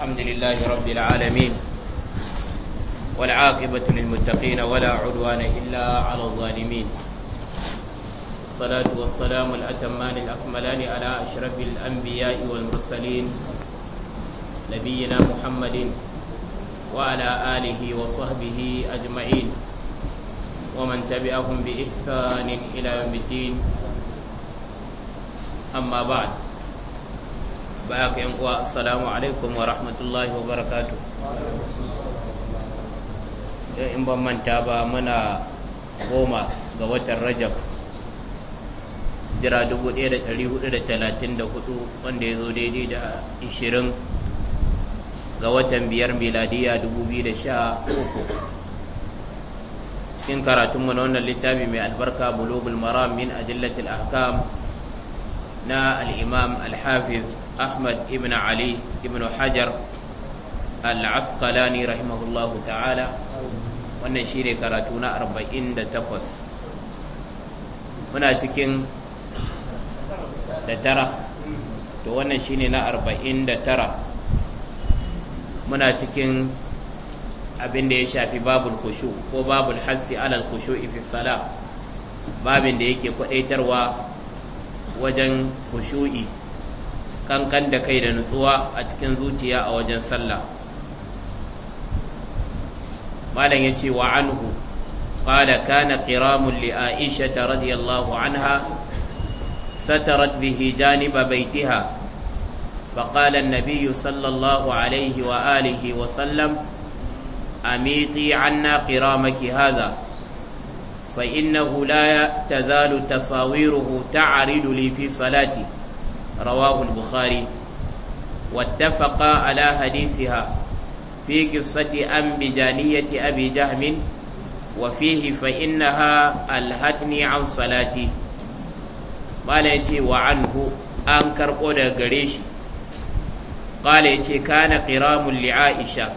الحمد لله رب العالمين والعاقبة للمتقين ولا عدوان إلا على الظالمين الصلاة والسلام الأتمان الأكملان على أشرف الأنبياء والمرسلين نبينا محمد وعلى آله وصحبه أجمعين ومن تبعهم بإحسان إلى يوم الدين أما بعد baya ka yan uwa assalamu alaikum wa rahmatullahi wa barakatu in ban manta ba muna goma ga watan rajab jira 1434 wanda ya zo daidai da 20 ga watan biyar miladiya 2013 cikin karatun na wannan littafi mai albarka bulugul maram min ajillatil ahkam na al'imam al-hafiz Ahmad ibn Ali ibn Hajar al-Asqalani rahimahullahu ta'ala wannan shine karatu na 48 muna cikin da tara to wannan shine na 49 muna cikin abin da ya shafi babul khushu ko babul hassi alal khushu fi salah babin da yake kwadaitarwa wajen khushu'i kankan da kai da nutsuwa a cikin zuciya a wajen sallah malam ya ce wa anhu qala kana qiramun li aisha radiyallahu anha satarat bihi janiba baitiha فقال النبي صلى الله عليه وآله وسلم أميطي عنا قرامك هذا فإنه لا تزال تصاويره تعرض لي في صلاتي رواه البخاري واتفق على حديثها في قصة أنبجانية أبي جهم وفيه فإنها الهتني عن صلاتي قال يتي وعنه أنكر أودا قريش قال يتي كان قرام لعائشة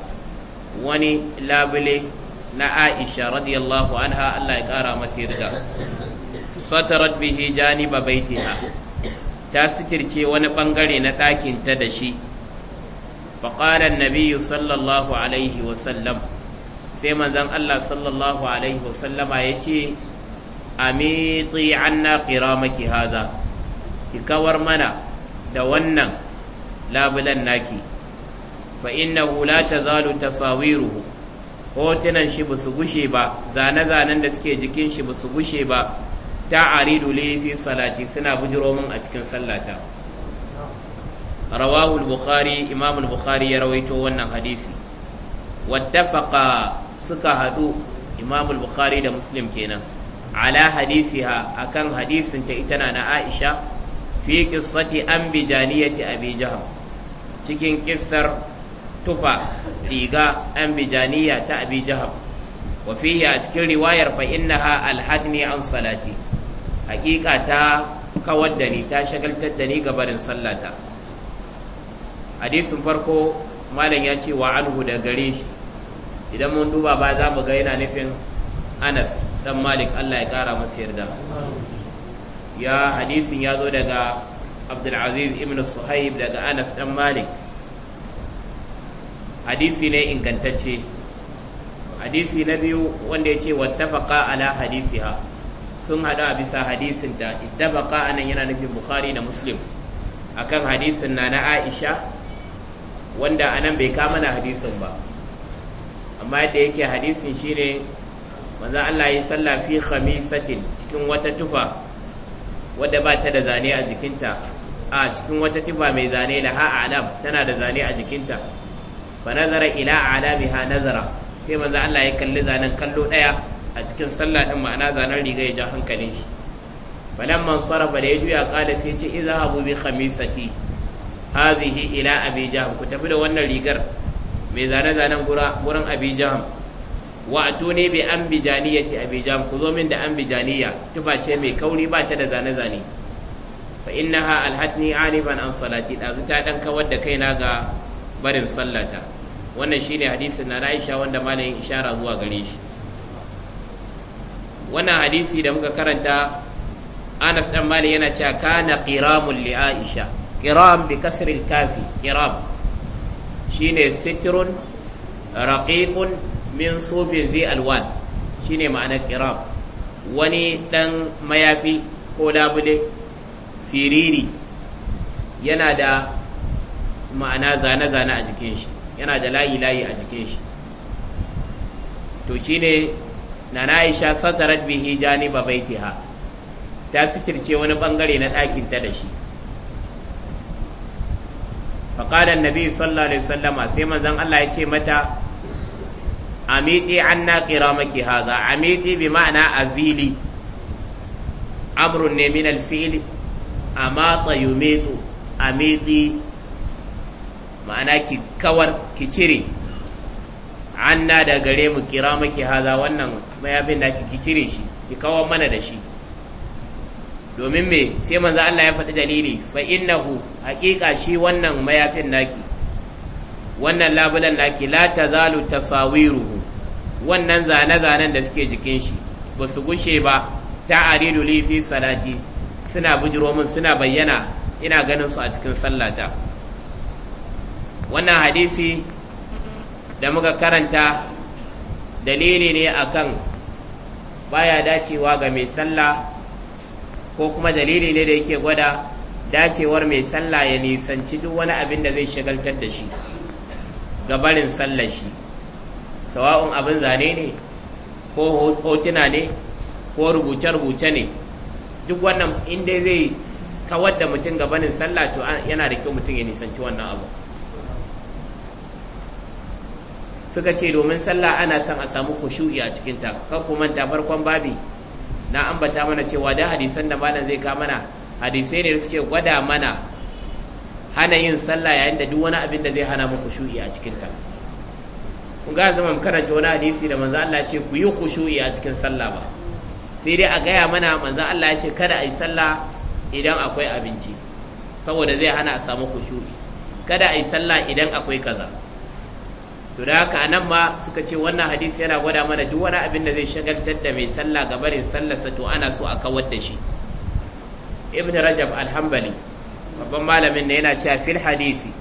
وني لابلي نعائشة رضي الله عنها الله يكرمك سطرت به جانب بيتها ta sitirce wani ɓangare na ɗakinta da shi faƙarar nabiyu sallallahu alaihi wasallam sai manzan Allah sallallahu alaihi wasallama ya ce amiti ƙira maki haza ki kawar mana da wannan labulan naki fa innahu la tazalu tasawiruhu hotunan shi ba su gushe ba zane-zanen da suke jikin shi ba su gushe ba ta aridu fi salati suna bujiro min a cikin sallata rawahu al-bukhari imam al-bukhari ya rawaito wannan hadisi wattafaqa suka hadu imam al-bukhari da muslim kenan ala hadisiha akan hadisin ta ita na Aisha fi qissati an bijaniyati abi jaham cikin kissar tufa riga an bijaniya ta abi jaham wa a cikin riwayar fa innaha alhadni an salati Hakika ta kawar da ni ta shagaltar da ni ga barin sallata hadisin farko malam ya ce wa anhu da gare shi idan mun duba ba za mu ga yana nufin anas dan malik allah ya kara masa yarda ya hadisin ya zo daga abdulaziz ibn suhaib daga anas dan malik hadisi ne ingantacce hadisi na biyu wanda ya ce wattafaqa ala hadisiha sun hada a bisa hadisinta ittafaqa anan yana nufin bukhari da muslim akan hadisin na na aisha wanda anan bai kama na hadisin ba amma yadda yake hadisin shine manzo Allah ya salla fi khamisatin cikin wata tufa wadda ba ta da zane a jikinta a cikin wata tufa mai zane da ha tana da zane a jikinta fa nazara ila alamiha nazara sai manzo Allah ya kalli zanen kallo daya a cikin sallah din ma'ana zanen riga ya ja hankalin shi falamman sarafa da ya juya kala sai ce habu bi khamisati hadhihi ila abi jaham ku tafi da wannan rigar mai zane zanen gura gurin abi wa atuni bi ambijaniyati abi ku zo min da ambijaniya tufa ce mai kauri ba ta da zane zane fa innaha alhatni aliban an salati da ta dan kawar da kaina ga barin sallata wannan ne hadisin na Aisha wanda malamin ishara zuwa gare shi wannan hadisi da muka karanta Anas ɗan Malam yana cewa kana qiramul li Aisha qiram bi kasril kafi qiram shine sitrun raƙiƙun min subin zi alwan shine ma'anar qiram wani ɗan mayafi ko labule siriri yana da ma'ana zane-zane a jikin shi yana da layi layi a jikin shi to ne na Aisha satarat bihi janiba baitiha ta sikirce wani bangare na ɗakin ta da shi faƙalar nabi sallallahu alaihi wasallama sai manzon Allah ya ce mata amiti anna maki haza amiti bi ma'ana azili amrun ne min al amata yumitu amiti ma'ana ki kawar ki cire anna da gare mu kira maki haza wannan mayafin da ki cire shi ki kawar mana da shi domin me sai manzo Allah ya faɗi dalili fa innahu haƙiƙa shi wannan mayafin naki wannan labulan naki la tazalu tasawiruhu wannan zane-zanen da suke jikin shi ba su gushe ba ta aridu li fi salati suna bujiro mun suna bayyana ina ganin su a cikin sallata wannan hadisi da muka karanta dalili ne akan baya dacewa ga mai sallah ko kuma dalili ne da yake gwada dacewar mai sallah ya nisanci duk wani abin da zai shagaltar da shi gabarin sallar shi sawa'un abin zane ne ko hotuna ne ko rubuce-rubuce ne duk wannan inda zai kawar da mutum gabanin sallah to yana da kyau mutum ya nisanci wannan abu suka ce domin sallah ana son a samu khushu'i a cikin ta kan ku manta farkon babi na ambata mana cewa da hadisan da malam zai ka mana hadisai ne suke gwada mana hana yin sallah yayin da duk wani abin da zai hana mu khushu'i a cikin ta kun ga zama karanta wani hadisi da manzo Allah ce ku yi khushu'i a cikin sallah ba sai dai a gaya mana manzo Allah ya ce kada a yi sallah idan akwai abinci saboda zai hana a samu khushu'i kada a yi sallah idan akwai kaza to da haka anan ma suka ce wannan hadisi yana gwada mana duk wani abin da zai shagaltar da mai sallah ga barin sallarsa to ana so a kawar da shi ibn rajab alhambali. babban malamin ne yana cewa fil hadisi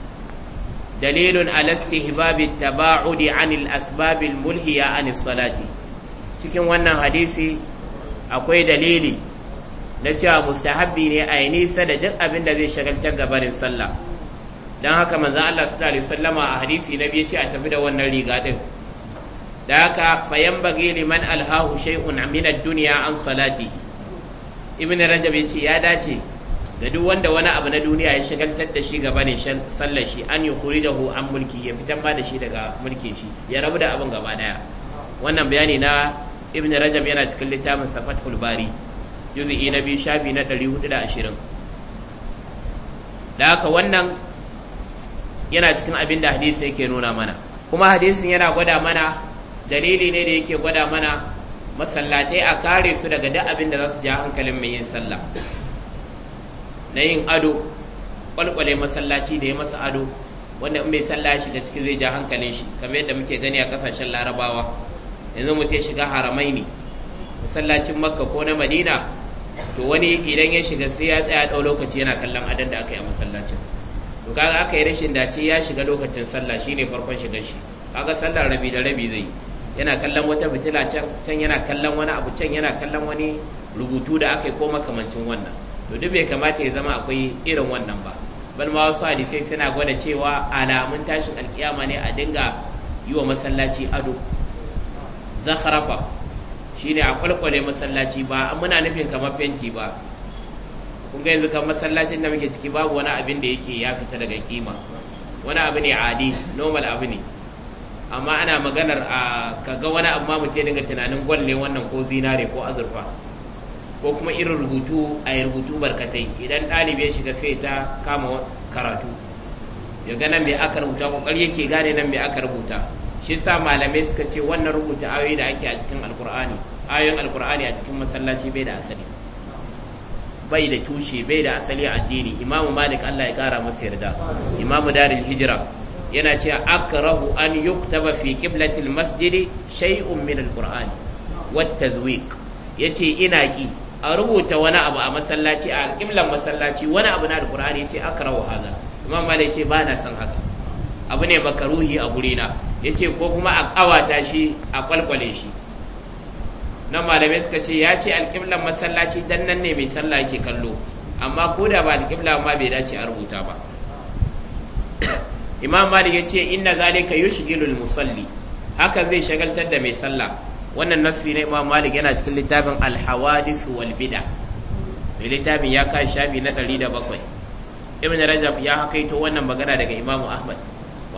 dalilun ala istihbabi taba'udi anil asbabil mulhiya anis salati cikin wannan hadisi akwai dalili na cewa mustahabbi ne a yi nisa da duk abin da zai shagaltar barin sallah dan haka manzan Allah sallallahu alaihi sallama a hadisi na biyu ce a tafi da wannan riga din da haka fayan bagi liman alhahu shay'un min ad-dunya an salati ibn rajab yace ya dace da duk wanda wani abu na duniya ya shigaltar da shi gaba ne sallar shi an yukhrijahu an mulki ya fitan ba da shi daga mulkin shi ya rabu da abin gaba daya wannan bayani na ibn rajab yana cikin littafin safatul bari juz'i na biyu shafi na 420 da haka wannan yana cikin abin da hadisi yake nuna mana kuma hadisin yana gwada mana dalili ne da yake gwada mana masallatai a kare su daga duk abin da za su ja hankalin mai yin sallah na yin ado kwalkwale masallaci da ya masa ado wanda in bai sallah shiga ciki zai ja hankalin shi kamar yadda muke gani a kasashen larabawa yanzu mutum ya shiga haramai ne masallacin makka ko na madina to wani idan ya shiga sai ya tsaya ɗau lokaci yana kallon adon da aka yi a masallacin to kaga aka yi rashin dace ya shiga lokacin sallah shine farkon shiga shi kaga sallar rabi da rabi zai yana kallon wata fitila can yana kallon wani abu can yana kallon wani rubutu da aka yi ko makamancin wannan to duk bai kamata ya zama akwai irin wannan ba bal ma wasu hadisai suna gwada cewa alamun tashin alkiyama ne a dinga yi wa masallaci ado zakharafa shine a kwalkwale masallaci ba muna nufin kamar fenti ba kun ga yanzu kan masallacin da muke ciki babu wani abin da yake ya fita daga kima wani abu ne adi normal abu ne amma ana maganar a kaga wani amma mu ce dinga tunanin gwalle wannan ko zinare ko azurfa ko kuma irin rubutu a rubutu barkatai idan ɗalibi ya shiga sai ta kama karatu ya ga nan mai aka rubuta kokari yake gane nan mai aka rubuta shi sa malamai suka ce wannan rubuta ayoyi da ake a cikin alkur'ani ayoyin alkur'ani a cikin masallaci bai da asali bai da tushe bai da asali addini imamu malik Allah ya kara masa yarda imamu daril hijira yana cewa akrahu an yuktaba fi qiblatil masjidi shay'un min alquran wat tazwiq yace ina ki a rubuta wani abu a masallaci a kiblan masallaci wani abu na alqur'ani yace akrahu hada imam malik yace ba na san haka abu ne makaruhi a gurina yace ko kuma a kawata shi a kwalkwale shi nan malamai suka ce ya ce alƙiblar masallaci dan nan ne mai sallah yake kallo amma ko da ba alƙibla ma bai dace a rubuta ba imam malik ya ce inna zalika yushghilul musalli haka zai shagaltar da mai sallah wannan nasri na imam malik yana cikin littafin alhawadis wal bid'a littafin ya kai shafi na 107 ibn rajab ya hakaito wannan magana daga imamu ahmad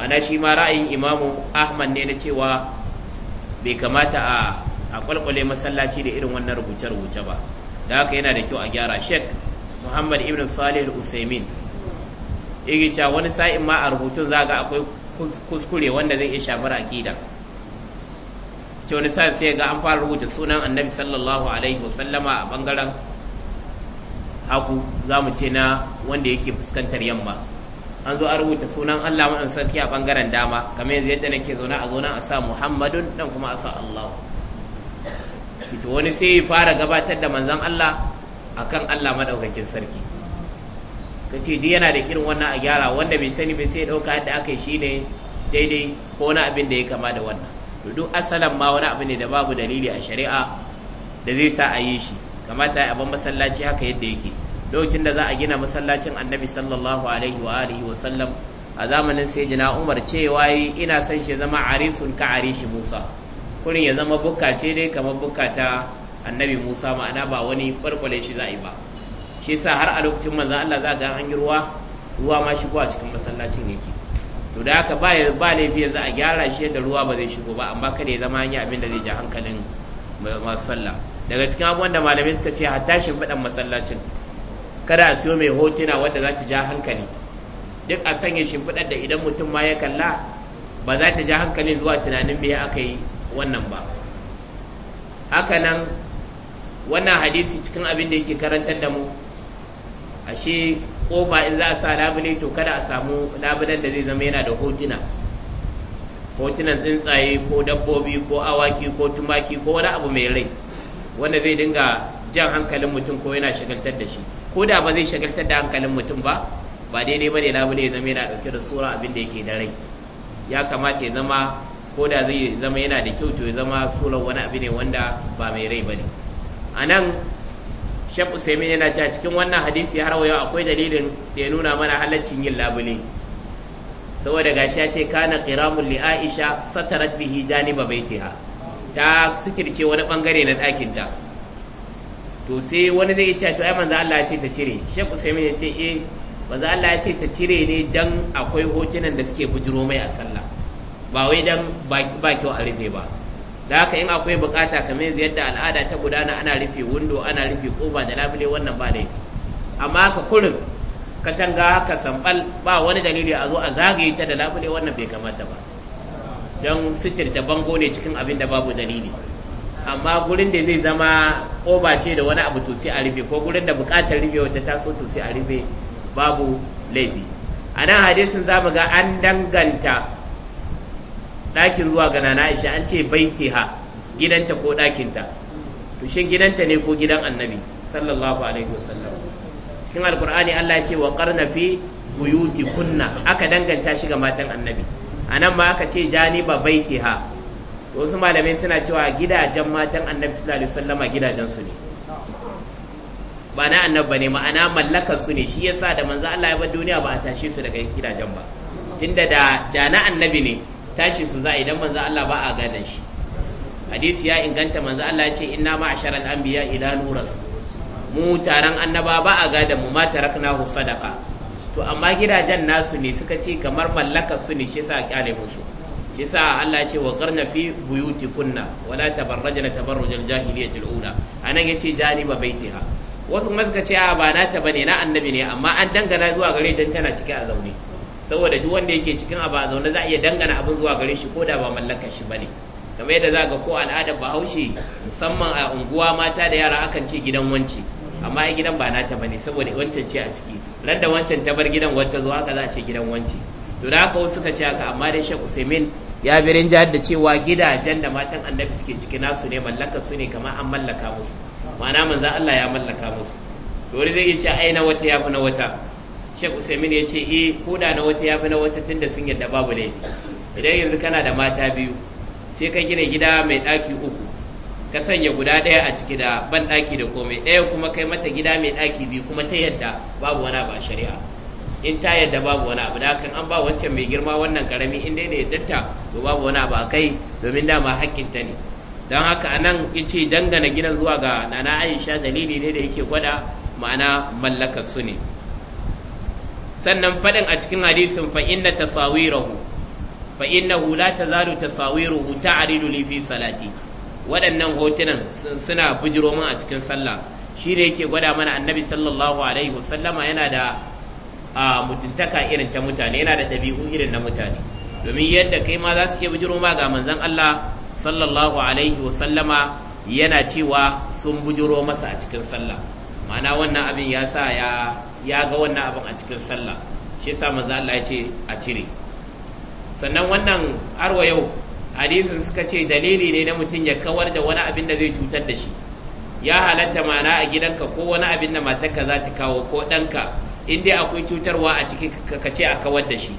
na shi ma ra'ayin imamu ahmad ne na cewa bai kamata a a kwalkwale masallaci da irin wannan rubuce-rubuce ba da haka yana da kyau a gyara sheik muhammad ibn salih usaimin igica wani sa'in ma a rubutun za ga akwai kuskure wanda zai iya shafar akida ce wani sa'in sai ga an fara rubuta sunan annabi sallallahu alaihi wasallama a bangaren hagu za mu ce na wanda yake fuskantar yamma an zo a rubuta sunan Allah maɗan sarki a bangaren dama kamar yanzu yadda nake zaune a zaune a sa Muhammadun dan kuma a sa Allahu. ciki wani sai ya fara gabatar da manzan Allah a kan Allah maɗaukakin sarki ka ce duk yana da irin wannan a gyara wanda bai sani bai sai ya ɗauka yadda aka yi shi ne daidai ko wani abin da ya kama da wannan duk asalan ma wani abu ne da babu dalili a shari'a da zai sa a yi shi kamata a ban masallaci haka yadda yake lokacin da za a gina masallacin annabi sallallahu alaihi wa alihi wa sallam a zamanin na umar cewa ina son shi zama arisun ka arishi musa kurin ya zama bukka ce dai kamar bukka ta annabi musa ma'ana ba wani kwarkwale shi za a yi ba shi sa har a lokacin manzan allah za ga an yi ruwa ruwa ma shigo a cikin masallacin yake to da haka ba ba laifi yanzu a gyara shi da ruwa ba zai shigo ba amma kada ya zama hanya abin da zai ja hankalin masu sallah daga cikin abubuwan da malamai suka ce hatta shi faɗan masallacin kada a siyo mai hotuna wanda za ta ja hankali duk a sanya shimfiɗar da idan mutum ma ya kalla ba za ta ja hankali zuwa tunanin me aka yi wannan ba nan wannan hadisi cikin abin da yake karantar da mu ashe ba in za a sa labule to kada a samu labulen da zai zama yana da hotuna hotunan tsuntsaye ko dabbobi ko awaki ko tumaki ko wani abu mai rai wanda zai dinga jan hankalin mutum ko yana shagaltar da shi ko da ba zai shagaltar da hankalin mutum ba ba daidai ba ne labule ya zama yana ɗauke da sura abin da yake da rai ya kamata ya zama ko da zai zama yana da kyau to ya zama sunan wani abu ne wanda ba mai rai bane a nan shek usaimin yana cewa cikin wannan hadisi har wa akwai dalilin da ya nuna mana halaccin yin labule saboda gashi ya ce kana qiramul li aisha satarat bihi janiba baitiha ta sikirce wani bangare na ɗakin ta to sai wani zai ce to ai manzo Allah ya ce ta cire shek usaimin ya ce eh manzo Allah ya ce ta cire ne dan akwai hotunan da suke bujiro mai a sallah ba wai dan ba kyau a rufe ba da haka in akwai bukata kamar yadda al'ada ta gudana ana rufe windo ana rufe koba da labule wannan ba laifi amma ka kurin katanga haka sambal ba wani dalili a zo a zagaye ta da labule wannan bai kamata ba don sitirta bango ne cikin abin da babu dalili amma gurin da zai zama koba ce da wani abu to sai a rufe ko gurin da bukatar rufe wata so to sai a rufe babu laifi a nan hadisin za mu ga an danganta ɗakin zuwa ga nana aisha an ce ha gidanta ko ɗakinta to shin gidanta ne ko gidan annabi sallallahu alaihi wasallam cikin alkur'ani Allah ya ce wa qarna fi buyuti kunna aka danganta shi ga matan annabi anan ma aka ce jani ba baitiha wasu malamai suna cewa gidajen matan annabi sallallahu alaihi wasallam gidajen su ne ba na annabi bane ma'ana mallakar su ne shi yasa da manzo Allah ya bar duniya ba a tashe su daga gidajen ba tunda da da na annabi ne tashi su za a idan manzo Allah ba a gane shi hadisi ya inganta manzo Allah ya ce inna ma'ashara al-anbiya ila nuras mu taron annaba ba a gada mu ma hu sadaqa to amma gidajen nasu ne suka ce kamar mallakar su ne shi sa kyale musu shi sa Allah ce wa qarna fi buyutikunna wala tabarrajna tabarrujal jahiliyatil ula anan yace janiba baitiha wasu mazka ce a ba nata bane na annabi ne amma an dangana zuwa gare dan tana cike a zaune saboda duk wanda yake cikin abu a zaune za a iya dangana abin zuwa gare shi ko da ba mallaka shi bane kamar yadda za ga ko al'adar bahaushe musamman a unguwa mata da yara akan ce gidan wanci. amma ai gidan ba nata bane saboda wancan ce a ciki ran da wancan ta bar gidan wata zuwa haka za a ce gidan wanci. to da haka wasu suka ce haka amma dai shek Usaimin ya bi rinjayar da cewa gidajen da matan annabi suke ciki nasu ne mallakar su ne kamar an mallaka musu ma'ana manzan Allah ya mallaka musu to wani zai iya ce a na wata ya fi na wata Sheikh Usaimin ya ce eh da na wata yafi na wata tunda sun yadda babu laifi idan yanzu kana da mata biyu sai ka gina gida mai ɗaki uku ka sanya guda ɗaya a ciki da ban ɗaki da komai ɗaya kuma kai mata gida mai ɗaki biyu kuma ta yadda babu wani ba shari'a in ta yadda babu wani abu da kan an ba wancan mai girma wannan karami in dai ne yaddarta to babu wani abu a kai domin dama haƙƙinta ne don haka anan nan ce dangana gidan zuwa ga nana aisha dalili ne da yake gwada ma'ana mallakar su ne sannan faɗin a cikin hadisin fa inna tasawirahu fa innahu la tazalu tasawiruhu ta'ridu li fi salati waɗannan hotunan suna bujiro min a cikin sallah shi ne yake gwada mana annabi sallallahu alaihi wasallama yana da mutuntaka irin ta mutane yana da ɗabi'u irin na mutane domin yadda kai ma za su iya bujiro ma ga manzon Allah sallallahu alaihi wasallama yana cewa sun bujiro masa a cikin sallah ma'ana wannan abin ya sa ya ya ga wannan abin a cikin sallah shi yasa manzo Allah ya ce a cire sannan wannan arwa yau hadisin suka ce dalili ne na mutum ya kawar da wani abin da zai cutar da shi ya halatta mana a gidanka ko wani abin da matarka za ta kawo ko ɗanka in dai akwai cutarwa a ciki ka ce a kawar da shi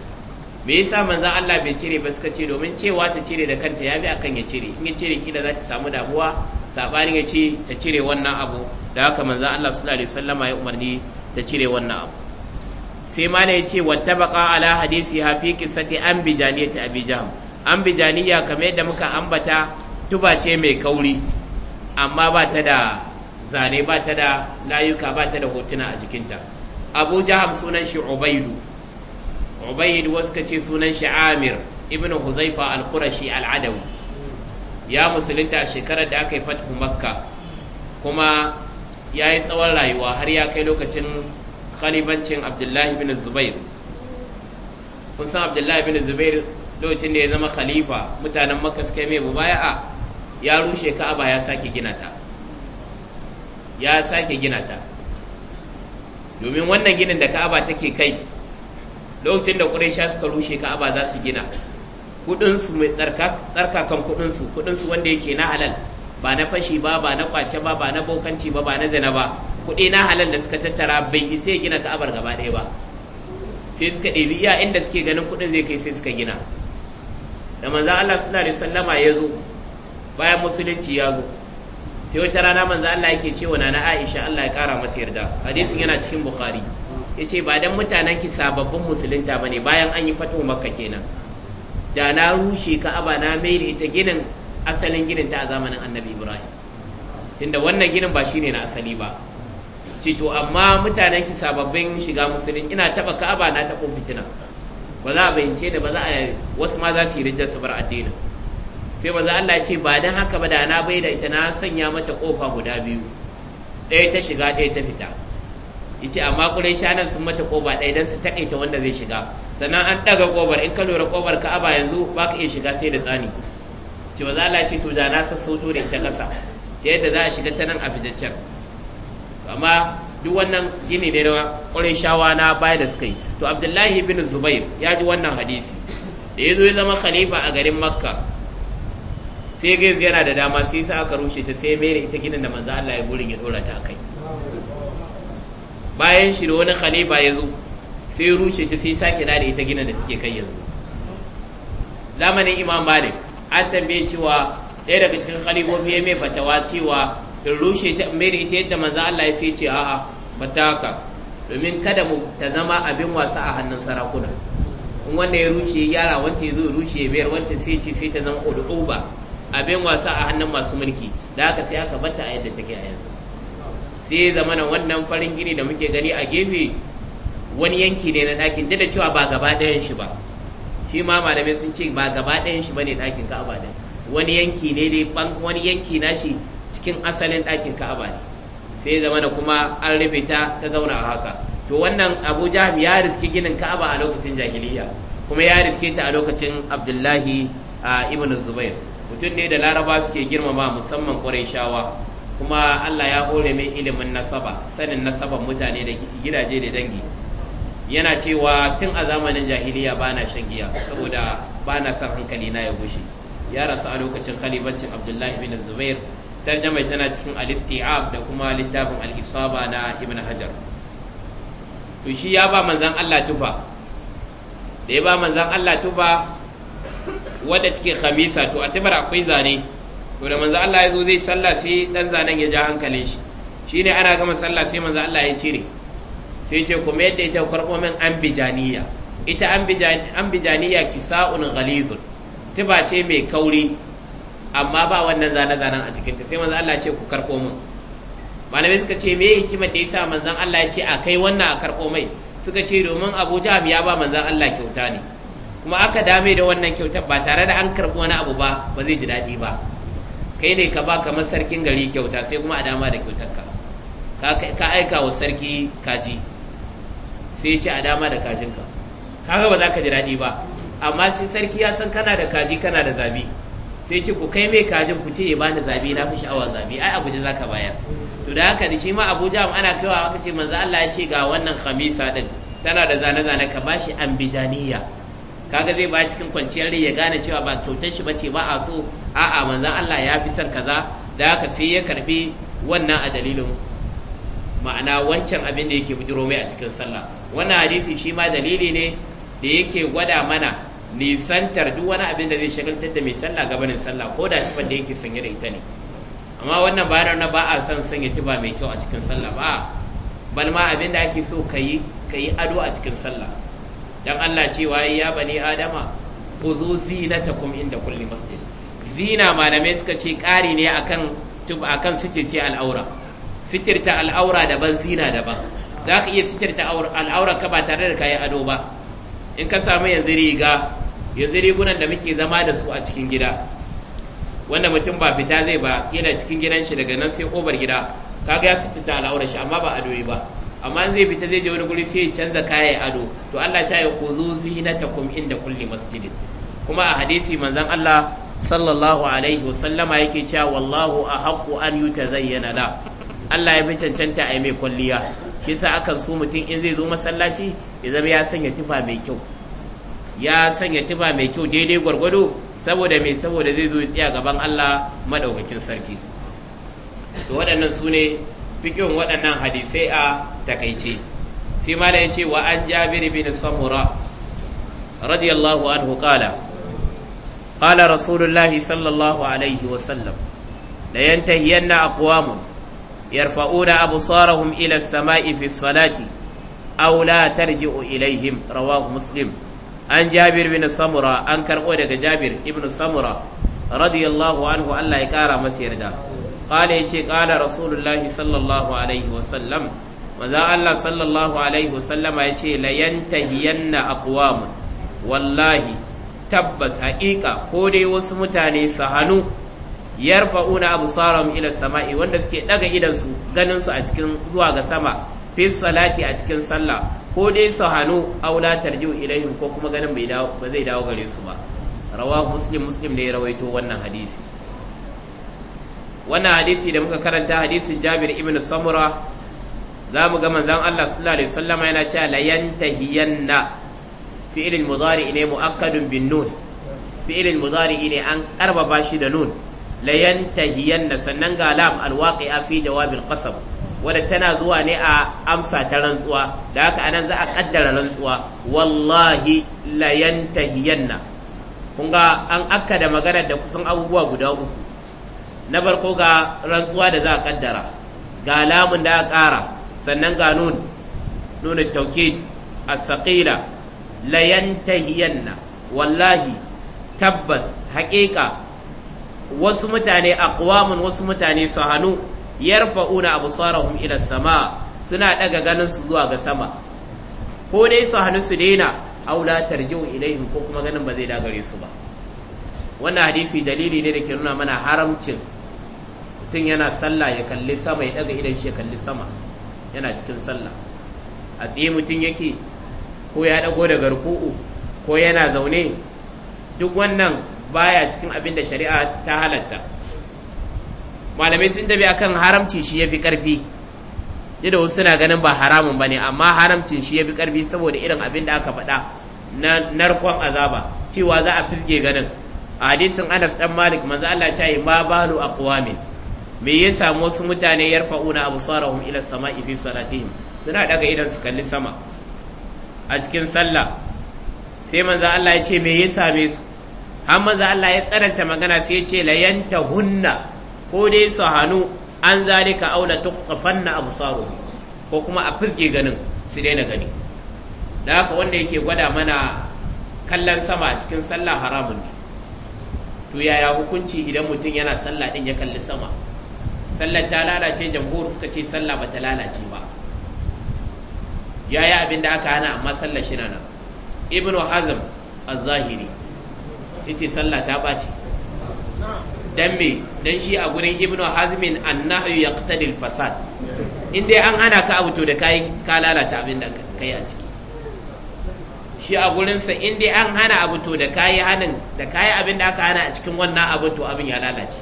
me yasa manzon Allah bai cire ba suka ce domin cewa ta cire da kanta yafi akan ya cire in ya cire kila za ta samu damuwa sabani ya ce ta cire wannan abu da haka manzon Allah sallallahu alaihi wasallam ya umarni ta cire wannan abu sai ma ya ce wattabaqa ala hadisi ha fi qissati an bijaniyati ta abijam? an bijaniya kamar yadda muka ambata tuba ce mai kauri amma ba ta da zane ba ta da layuka ba ta da hotuna a jikinta abu jaham sunan shi ubaidu ubayd wasu ka ce sunan shi amir ibn huzaifa al-qurashi al-adawi ya musulunta a shekarar da aka yi fathu makka kuma ya yi tsawon rayuwa har ya kai lokacin khalifancin abdullahi bin zubair kun san abdullahi bin zubair lokacin da ya zama khalifa mutanen makka suka yi mai a ya rushe ka'aba ya sake gina ta ya sake gina ta domin wannan ginin da ka'aba take kai lokacin da sha suka rushe ka'aba za su gina kudin su mai tsarka tsarkakan kudin su kudin su wanda yake na halal ba na fashi ba ba na kwace ba ba na bokanci ba ba na zina ba kudi na halal da suka tattara bai isa ya gina ka'abar gaba ɗaya ba sai suka ɗebi iya inda suke ganin kudin zai kai sai suka gina da manzan Allah suna da sallama ya zo bayan musulunci ya zo sai wata rana manzan Allah yake cewa na Aisha Allah ya kara mata yarda hadisin yana cikin Bukhari yace ba dan mutanen ki sababbin musulunta bane bayan an yi fatu makka kenan da na rushe ka'aba na mai da ita ginin asalin ginin ta a zamanin annabi ibrahim tunda wannan ginin ba shine na asali ba ce to amma mutanen ki sababbin shiga musulun ina taba ka'aba na taɓo fitina ba za a bayyance da ba za a wasu ma za su yi rijjar su bar addinin sai za Allah ce ba dan haka ba da na bai da ita na sanya mata kofa guda biyu ɗaya ta shiga ɗaya ta fita yace amma shanan sun mata koba ɗaya dan su takaita wanda zai shiga sannan an ɗaga kobar in ka lura kobar ka aba yanzu baka iya shiga sai da tsani ce ba za a to da na sassauto da ta kasa ta yadda za a shiga ta nan a fitaccen amma duk wannan gini ne na shawa na baya da suka yi to abdullahi bin zubair ya ji wannan hadisi da ya zo ya zama khalifa a garin makka sai gaiz yana da dama sai sa aka rushe ta sai mere ita ginin da manzo Allah ya burin ya dora ta kai bayan shi da wani khalifa ya zo sai rushe ta sai sake da ita gina da take kai yanzu zamanin imam malik an tambaye cewa ɗaya daga cikin khalifofi ya mai fatawa cewa in rushe ta mai da ita yadda manzo Allah ya sai ce a'a ba haka domin kada mu ta zama abin wasa a hannun sarakuna in wanda ya rushe ya gyara wacce zai rushe ya bayar wacce sai ce sai ta zama uduba abin wasa a hannun masu mulki da haka sai aka bata a yadda take a yanzu sai ya wannan farin gini da muke gani a gefe wani yanki ne na ɗakin da cewa ba gaba ɗayan shi ba shi ma malamai sun ce ba gaba ɗayan shi ne ɗakin ka'aba ɗin wani yanki ne dai wani yanki na shi cikin asalin ɗakin ka'aba ne sai zama na kuma an rufe ta ta zauna a haka to wannan Abuja ya riske ginin ka'aba a lokacin jahiliya kuma ya riske ta a lokacin abdullahi a ibn zubair mutum ne da laraba suke girmama musamman ƙwarai shawa kuma Allah ya hore mai ilimin nasaba sanin nasaban mutane da gidaje da dangi yana cewa tun a zamanin jahiliya na shan giya saboda ba na son hankali na ya gushe ya rasu a lokacin khalifancin Abdullahi bin Zubair tarjama tana cikin alistiab da kuma littafin al-isaba na Ibn Hajar to shi ya ba manzan Allah tufa da ya ba manzan Allah tufa wadda take khamisa to a tabar akwai zane to da manzo Allah ya zo zai sallah sai dan zanen ya ja hankalin shi shine ana gama sallah sai manzo Allah ya cire sai ce kuma yadda ita karbo min ambijaniya ita ambijaniya kisa'un ghalizun tuba ce mai kauri amma ba wannan zane zanen a cikin ta sai manzo Allah ya ce ku karbo min malamai suka ce me hikimar da yasa manzon Allah ya ce a kai wannan a karbo mai suka ce domin Abu Jahm ya ba manzon Allah kyauta ne kuma aka dame da wannan kyautar ba tare da an karbi wani abu ba ba zai ji daɗi ba kai ne ka ba kamar sarkin gari kyauta sai kuma a dama da kyautarka ka aika wa sarki kaji sai ya ce a dama da kajinka kaga ba za ka ji daɗi ba amma sai sarki ya san kana da kaji kana da zabi sai ce ku kai mai kajin ku ce ya bani zabi na fi sha'awar zabi ai abuja za ka bayar to da haka da shi ma abuja ana kaiwa aka ce manzo Allah ya ce ga wannan khamisa din tana da zane-zane ka bashi ambijaniya kaga zai ba cikin kwanciyar rai ya gane cewa ba kyautar shi bace ba a so a'a manzon Allah ya fi son kaza da haka sai ya karbi wannan a dalilin ma'ana wancan abin da yake bujiro mai a cikin sallah wannan hadisi shi ma dalili ne da yake gwada mana nisantar duk wani abin da zai shagaltar da mai sallah gabanin sallah ko da tufan da yake sanye da ita ne amma wannan bayanar na ba a son sanya tuba mai kyau a cikin sallah ba bal abin da ake so ka yi ado a cikin sallah dan Allah cewa ya bani adama khudhu zinatakum inda kulli masjid zina malamai suka ce ƙari ne akan tub akan sitirce al'aura sitirta al'aura daban zina daban za ka iya sitirta al'aura ka ba tare da kayan ado ba in ka samu yanzu riga yanzu rigunan da muke zama da su a cikin gida wanda mutum ba fita zai ba yana cikin gidan shi daga nan sai kobar gida kaga ya sitirta al'aura shi amma ba ado ba amma zai fita zai je wani guri sai canza kaya ado to Allah ya ku zu zinatakum inda kulli masjidin kuma a hadisi manzon Allah sallallahu alaihi wasallama yake cewa wallahu a ahaqqu an yutazayyana la Allah ya fi cancanta a yi mai kwalliya shi sa akan so mutum in zai zo masallaci ya zama ya sanya tufa mai kyau ya sanya tufa mai kyau daidai gwargwado saboda mai saboda zai zo ya tsaya gaban Allah madaukakin sarki to waɗannan su ne fiqhun waɗannan hadisai a takaice sai mala yace wa an jabir bin samura radiyallahu anhu qala qala rasulullah sallallahu alaihi wa sallam la yantahiyanna aqwamun yarfa'una absarahum ila as-sama'i fi as-salati aw la tarji'u ilaihim rawahu muslim an jabir bin samura an karbo daga jabir ibn samura radiyallahu anhu Allah ya kara masa yarda ya ce qala rasulullahi sallallahu alaihi wa sallam Allah sallallahu alaihi wa sallama yace la hiyanna aqwamun wallahi tabbas haƙiƙa ko dai wasu mutane su hannu yarfa'una absarahum ila samai wanda suke daga idansu ganin su a cikin zuwa ga sama fi salati a cikin sallah ko dai su hannu aula tarjiu ilaihim ko kuma ganin bai dawo ba zai dawo gare su ba rawahu muslim muslim ne ya rawaito wannan hadisi wannan hadisi da muka karanta hadisin Jabir ibn Samura za mu ga manzon Allah sallallahu alaihi wasallam yana cewa la yantahiyanna fi'il mudari ne muakkadun bin nun fi'il mudari ne an karbaba shi da nun la yantahiyanna sannan ga lam alwaqi'a fi jawabil qasam wadda tana zuwa ne a amsa ta rantsuwa da haka anan za a kaddara rantsuwa wallahi la yantahiyanna kun ga an akka da maganar da kusan abubuwa guda uku na farko ga rantsuwa da za a kaddara ga lamun da ƙara sannan ga nun nunin taukid as-saqila layantahiyanna wallahi tabbas haƙiƙa wasu mutane a aqwamun wasu mutane su hannu yarfa'una absarahum ila sama suna ɗaga ganinsu zuwa ga sama ko dai su hannu su daina aula tarji'u ilaihim ko kuma ganin ba zai dagare su ba wannan hadisi dalili ne da ke nuna mana haramcin mutum yana sallah ya kalli sama ya daga idan shi ya kalli sama yana cikin sallah a tsaye mutum yake ko ya dago daga ruku'u ko yana zaune duk wannan baya cikin abin da shari'a ta halatta malamai sun tabi akan haramci shi ya fi karfi yadda wasu suna ganin ba haramun ba ne. amma haramcin shi ya fi karfi saboda irin abin da aka faɗa na narkon azaba cewa za a fisge ganin a hadisin Anas dan Malik manzo Allah ya ce ma balu aqwamin me ya samu wasu mutane una yarfa'una absarahum ila sama ifi salatihim suna daga idan su kalli sama a cikin sallah sai manzo Allah ya ce me ya same su har manzo Allah ya tsananta magana sai ya ce layanta hunna ko dai su hannu, an zalika aula tuqfanna absaruhum ko kuma a fusge ganin su daina gani da haka wanda yake gwada mana kallon sama a cikin sallah haramun ne to yaya hukunci idan mutum yana sallah ɗin ya kalli sama sallar ta lalace jamhur suka ce sallah ta lalace ba yaya abin da aka hana amma sallar shi na nan ibnu hazm az-zahiri yace sallah ta bace dan me dan shi a gurin ibnu hazmin annahyu yaqtadi al-fasad indai an hana ka abu to da kai ka lalata abin da kai a ciki shi a gurinsa in an hana abu to da kai hanin da kai abin da aka hana a cikin wannan abin to abin ya lalace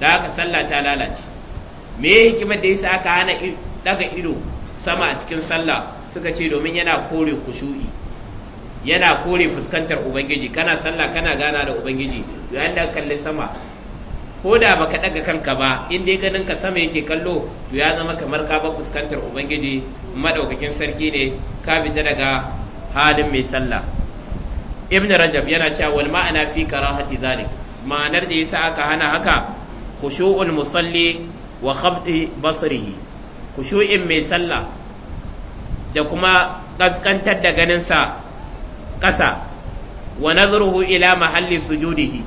da haka sallah ta lalace me ya hikimar da ya sa aka hana daga ido sama a cikin sallah suka ce domin yana kore kushu'i yana kore fuskantar ubangiji kana sallah kana gana da ubangiji yayin da kalli sama ko da baka daga kanka ba in dai ganin ka sama yake kallo to ya zama kamar ka ba fuskantar ubangiji madaukakin sarki ne ka fita daga halin mai sallah ibn rajab yana cewa wal ma'ana fi karahati zalik ma'anar da yasa aka hana haka khushu'ul musalli wa khabti basrihi kushu'in mai sallah da kuma kaskantar da ganinsa ƙasa wa nazruhu ila mahalli sujudihi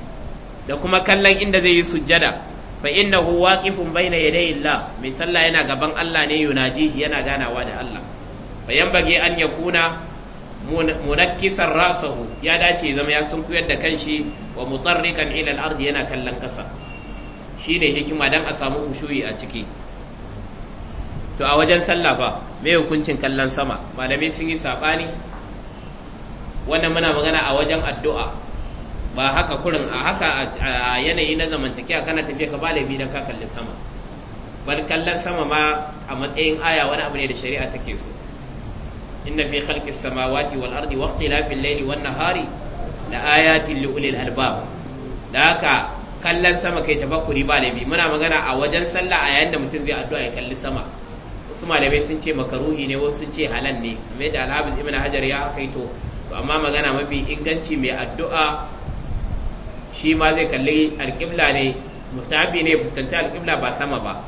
da kuma kallon inda zai yi sujjada fa innahu waqifun ya yaday Allah mai sallah yana gaban Allah ne yunajihi yana ganawa da Allah fa yanbaghi an yakuna munakkisan rasahu ya dace zama ya sunkuyar da kanshi wa mutarrikan ila al-ardi yana kallon ƙasa shine hikima dan a samu khushu'i a ciki to a wajen sallah fa hukuncin kallon sama malamai sun yi sabani wannan muna magana a wajen addu'a ba haka kurin a haka a yanayi na zamantakewa kana tafiya ka ba laifi don ka kalli sama bal kallon sama ma a matsayin aya wani abu ne da shari'a take so inna fi khalqi samawati wal ardi wa ikhtilafi al-layli wan nahari la ayatin li ulil albab da haka kallon sama kai tafakkuri ba laifi muna magana a wajen sallah a yayin da mutum zai addu'a ya kalli sama wasu malamai sun ce makaruhi ne wasu sun ce halal ne kuma da alhabis ibn hajar ya kai to amma magana mafi inganci mai addu'a shi ma zai kalli alƙibla ne mustahabi ne fuskanci alƙibla ba sama ba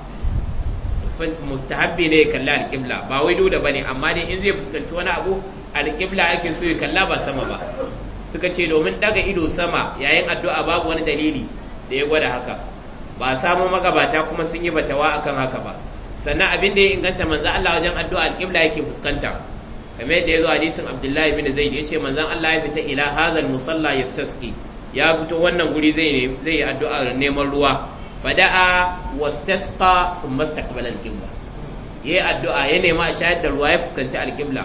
mustahabi ne kalli alƙibla ba wai dole bane amma dai in zai fuskanci wani abu alƙibla ake so ya kalla ba sama ba suka ce domin daga ido sama yayin addu'a babu wani dalili da ya gwada haka ba samu magabata kuma sun yi batawa akan haka ba sannan abin da ya inganta manzan Allah wajen addu'a alƙibla yake fuskanta kame yadda ya zo hadisin Abdullahi bin Zaid ya ce manzon Allah ya fita ila hazal musalla yastasqi ya fito wannan guri zai ne zai yi addu'a neman ruwa fada'a sun masta istaqbala al Ya yi addu'a ya nema a shayar da ruwa ya fuskanci alƙibla.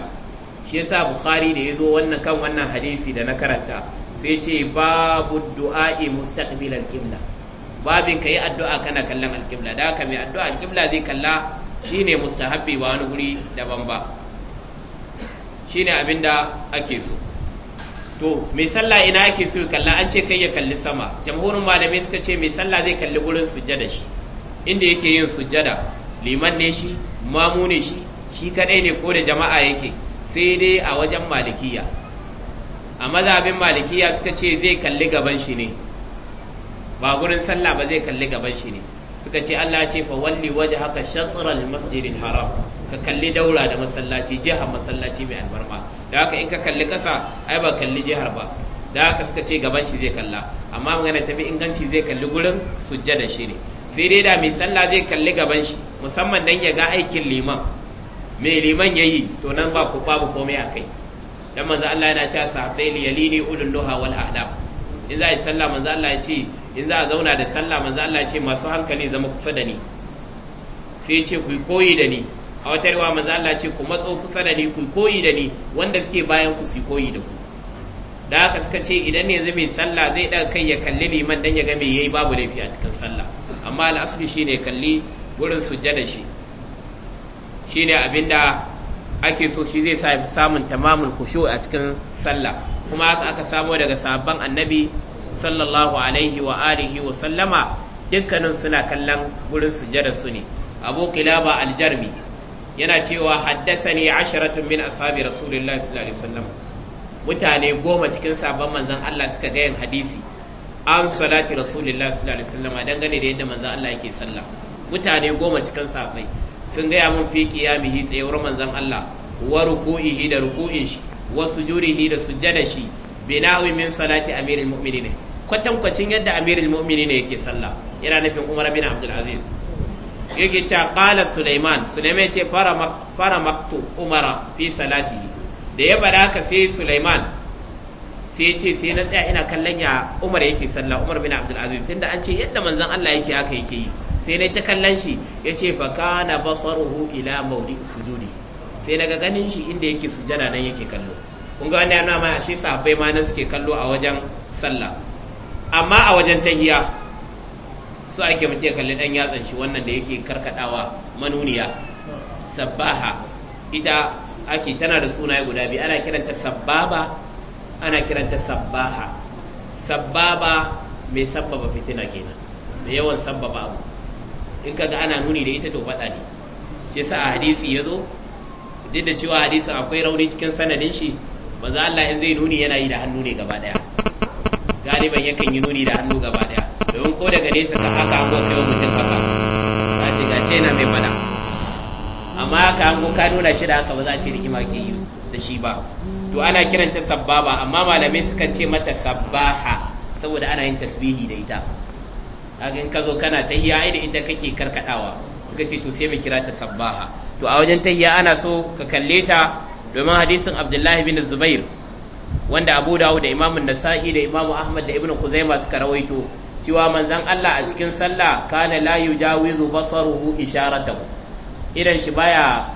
shi yasa Bukhari da ya zo wannan kan wannan hadisi da na karanta sai ce babu du'a'i mustaqbil al-qibla babin kai addu'a kana kallon al-qibla da haka mai addu'a al-qibla zai kalla shine mustahabbi ba wani guri daban ba shine abinda ake so to me sallah ina ake so kalla an ce kai ya kalli sama jamhurin malamai suka ce me sallah zai kalli gurin sujjada shi inda yake yin sujjada liman ne shi mamu ne shi shi kadai ne ko da jama'a yake sai dai a wajen malikiya a mazabin malikiya suka ce zai kalli gaban shi ne ba gurin sallah ba zai kalli gaban shi ne suka ce Allah ce fa walli waje haka shatral masjidil haram ka kalli daura da masallaci jiha masallaci mai albarma da haka in ka kalli kasa ai ba kalli jihar ba da haka suka ce gaban shi zai kalla amma magana tafi inganci zai kalli gurin sujjada shi ne sai dai da mai sallah zai kalli gaban shi musamman dan ya ga aikin liman mai liman yayi to nan ba ku babu komai a kai dan manzo Allah yana cewa sahabbai li yalini ulul duha wal ahlam in za a yi sallah manzo Allah ya ce in za a zauna da sallah manzo Allah ya ce masu hankali zama kusa da ni sai ce ku koyi da ni a wata riwa manzo Allah ya ce ku matso kusa da ni ku koyi da ni wanda suke bayan ku su koyi da ku da haka suka ce idan yanzu mai sallah zai ɗaga kai ya kalli liman dan ya ga me yayi babu laifi a cikin sallah amma al'asli shine kalli gurin sujjada shi shine abinda ake so shi zai sa samun tamamul khushu a cikin sallah kuma haka aka samo daga sabon annabi sallallahu alaihi wa alihi wa sallama dukkanin suna kallon gurin sujjadar su ne abu kilaba aljarmi yana cewa haddasa haddasani asharatun min ashabi rasulillahi sallallahu alaihi wasallam mutane goma cikin sabon manzon Allah suka ga yin hadisi an salati rasulillahi sallallahu alaihi wasallam dangane da yadda manzon Allah yake sallah mutane goma cikin sahabbai sun gaya mun fi qiyamihi tsayuwar manzon Allah wa ruku'ihi da ruku'in shi wa sujurihi da sujjada shi binawi min salati amirul mu'minin kwatankwacin yadda amirul mu'minin yake sallah yana nufin Umar bin Abdul Aziz yake cewa qala Sulaiman Sulaiman ce fara maktu Umara fi salati. da ya bada ka sai Sulaiman sai ce sai na tsaya ina kallon ya Umar yake sallah Umar bin Abdul Aziz tunda an ce yadda manzon Allah yake haka yake yi sai na ta kallon shi ya ce fa kana basaruhu ila maudi sujudi sai daga ganin shi inda yake sujada nan yake kallo kun ga wannan yana ma ashe bai ma nan suke kallo a wajen sallah amma a wajen tahiya su ake muke kalli dan yatsan shi wannan da yake karkadawa manuniya sabbaha ita ake tana da sunaye guda biyu ana kiranta sabbaba ana kiranta sabbaha sabbaba mai sabbaba fitina kenan da yawan sabbaba abu in ga ana nuni da ita to faɗa ne shi sa a hadisi ya zo duk da cewa hadisi akwai rauni cikin sanadin shi manzo Allah in zai nuni yana yi da hannu ne gaba daya galiban yakan yi nuni da hannu gaba daya domin ko daga nesa ka haka ko kai mutum haka ka ce ga ce na mai fada amma ka hango ka nuna shi da haka ba za a ce da kima ke yi da shi ba to ana kiranta sabbaba amma malamai sukan ce mata sabbaha saboda ana yin tasbihi da ita in ka zo kana tahiyya ai da ita kake karkadawa suka ce to sai mu kira ta sabbaha to a wajen tahiyya ana so ka kalle ta domin hadisin Abdullahi bin Zubair wanda Abu dawo da imamun Nasa'i da Imam Ahmad da Ibn kuzaima suka rawaito cewa manzon Allah a cikin sallah kana la yujawizu basaruhu isharatahu idan shi baya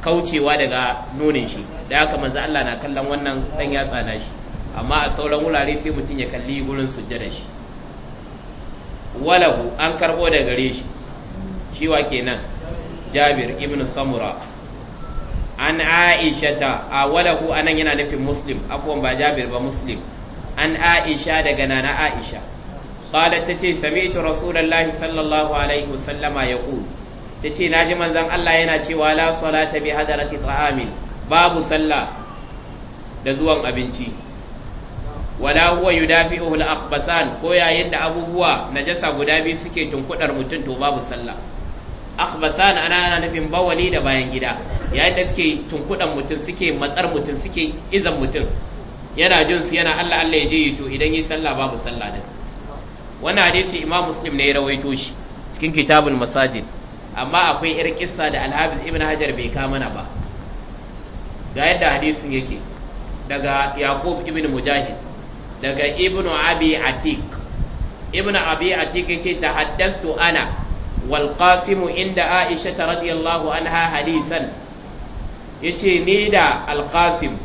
kaucewa daga nonin shi da haka manzon Allah na kallon wannan dan yatsa na shi amma a sauran wurare sai mutum ya kalli gurin sujjada shi walahu an karbo da gare shi shi wa kenan jabir ibn samura an Aisha ta. a walahu anan yana nufin muslim afwan ba jabir ba muslim an aisha daga nana aisha ta tace sami'tu rasulullahi sallallahu alaihi wasallama yaqul tace naji manzon Allah yana cewa la salata bi hadarati ta'amil babu sallah da zuwan abinci wala huwa yudafi'uhu al-akhbasan ko yayin da abubuwa najasa guda biyu suke tunkudar mutum to babu sallah akhbasan ana ana nufin bawali da bayan gida yayin da suke tunkudar mutum suke matsar mutum suke izan mutum yana jin su yana Allah Allah ya je to idan yi sallah babu sallah din wannan hadisi imam muslim ne ya rawaito shi cikin kitabul masajid amma akwai irin kissa da al-hafiz ibn hajar bai kama mana ba ga yadda hadisin yake daga yaqub ibn mujahid daga Ibn abi atik Ibn abi atik yace tahaddastu ana wal qasim inda aisha radiyallahu anha hadisan yace ni da al qasim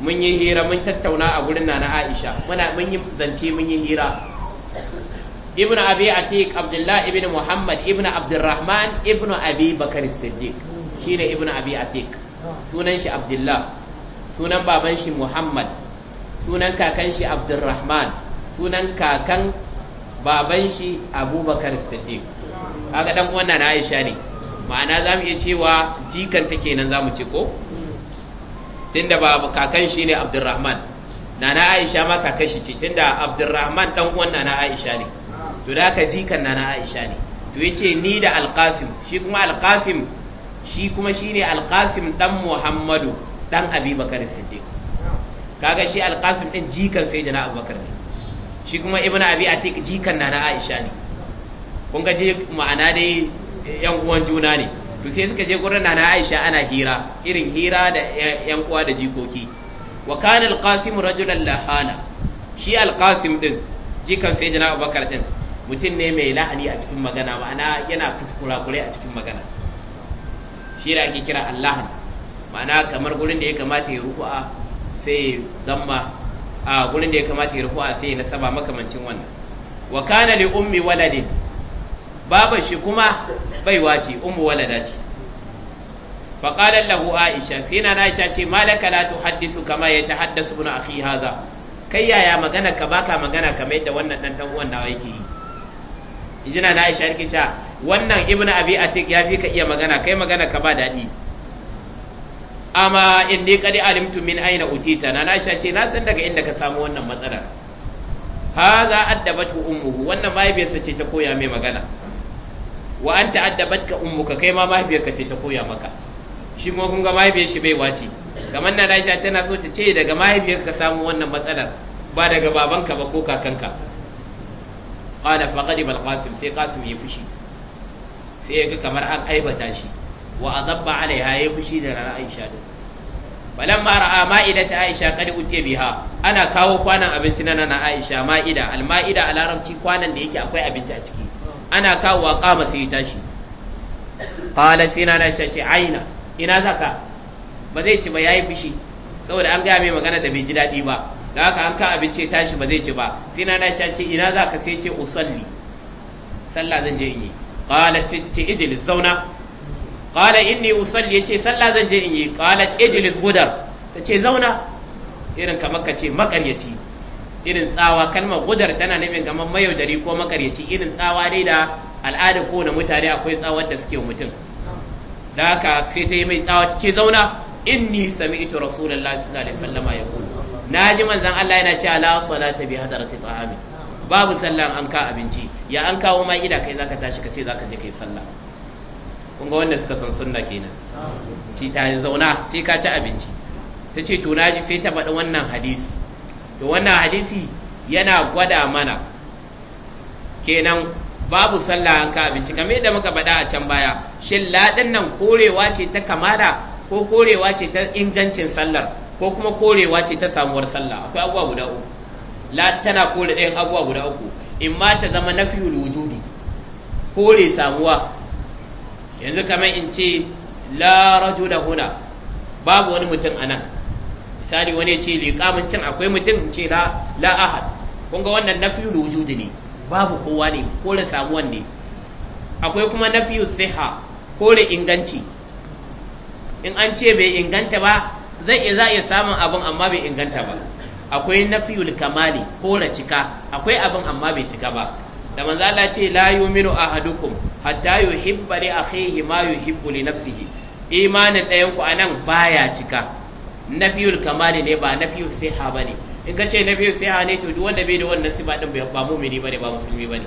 mun yi hira mun tattauna a gurin na aisha muna mun yi zance mun yi hira Ibn abi atik abdullah Ibn muhammad ibnu abdurrahman Ibn abi bakar siddiq shine Ibn abi atik sunan shi abdullah sunan baban shi muhammad sunan kakan shi abdurrahman sunan kakan baban shi abubakar siddiq kaga dan uwan na aisha ne ma'ana za mu iya cewa jikan ta kenan za mu ce ko tunda babu kakan shi ne abdurrahman nana aisha ma kakan shi ce tunda abdurrahman dan uwan nana aisha ne to da ka jikan nana aisha ne to yace ni da alqasim shi kuma alqasim shi kuma shine alqasim dan muhammadu dan abubakar siddiq kaga shi alqasim din jikan sai sayyidina abubakar ne shi kuma ibnu abi atik jikan nana aisha ne kun ga dai ma'ana dai yan uwan juna ne to sai suka je gurin nana aisha ana hira irin hira da yan uwa da jikoki wa kana alqasim rajulan lahana shi alqasim din jikan sai sayyidina abubakar din mutum ne mai lahani a cikin magana ma'ana yana kuskure a cikin magana shi da ake kira allahan ma'ana kamar gurin da ya kamata ya ruku'a sai damma a gurin da ya kamata ya a sai na saba makamancin wannan wa kana li ummi waladin baban shi kuma bai ce ummu walada ce fa qala lahu aisha sai na aisha ce malaka la tuhaddisu kama yatahaddasu ibn akhi hadha kai yaya magana ka baka magana kamar yadda wannan dan dan uwan nawa yake yi injina na aisha yake ta wannan ibnu abi atik ya fi ka iya magana kai magana ka ba dadi amma inni kadi alimtu min aina utita na na ce na san daga inda ka samu wannan matsalar hadha addabatu ummuhu wannan mahaifiyarsa ce ta koya mai magana wa anta addabatka ummuka kai ma mahaifiyarka ce ta koya maka shi kuma kun ga mahaifiyar shi bai wace kamar na Aisha tana so ta ce daga mahaifiyarka ka samu wannan matsalar ba daga babanka ba ko kakanka qala faqad al-qasim sai qasim ya fushi sai ya ga kamar an aibata shi wa azabba alaiha ya fushi da rana Aisha din balan mara ra'a ma'ida ta Aisha kad utiya biha ana kawo kwanan abinci na nana Aisha ma'ida alma'ida, ma'ida a larabci kwanan da yake akwai abinci a ciki ana kawo wa kama sai tashi qala na na shace aina ina za ka? ba zai ci ba ya yi fushi saboda an ga mai magana da bai ji daɗi ba da haka an ka abinci tashi ba zai ci ba sina na shace ina za ka sai ce usalli sallah zan je yi qala sai ce ijlis zauna qala inni usalli yace sallah zan je in yi qala ijlis gudar tace zauna irin kamar ka ce makaryaci irin tsawa kalmar gudar tana nufin kamar mayaudari ko makaryaci irin tsawa dai da al'ada ko na mutane akwai tsawar da suke mutum da haka sai ta yi mai tsawa ce zauna inni sami'tu rasulullahi sallallahu alaihi wasallam ya Na ji manzon Allah yana cewa la salata bi hadarati ta'ami babu sallan an ka abinci ya an kawo ma'ida kai zaka tashi ka ce zaka je kai sallah kun ga wanda suka san sunna kenan shi ta zauna sai ka ci abinci ta ce to naji sai ta faɗi wannan hadisi to wannan hadisi yana gwada mana kenan babu sallah an ka abinci kamar yadda muka faɗa a can baya shin laɗin nan korewa ce ta kamala ko korewa ce ta ingancin sallar ko kuma korewa ce ta samuwar sallah akwai abubuwa guda uku la tana kore ɗayan abubuwa guda uku in ma ta zama nafiyul wujudi kore samuwa yanzu kamar in ce la da huna babu wani mutum a nan misali wani ce liƙamun cin akwai mutum in ce la'ahad la ahad kun ga wannan nafiyu wujudi ne babu kowa ne kore samuwan ne akwai kuma nafiyu siha kore inganci in an ce bai inganta ba zai iya za iya samun abin amma bai inganta ba akwai nafiyul kamali kore cika akwai abin amma bai cika ba da manzo Allah ce la yu'minu ahadukum hatta yuhibba li akhihi ma yuhibbu li nafsihi imanin ɗayan ku anan baya cika nabiyul kamali ne ba nabiyul siha bane in ka ce nafiyul siha ne to duk wanda bai da wannan sifa din ba mu'mini bane ba musulmi bane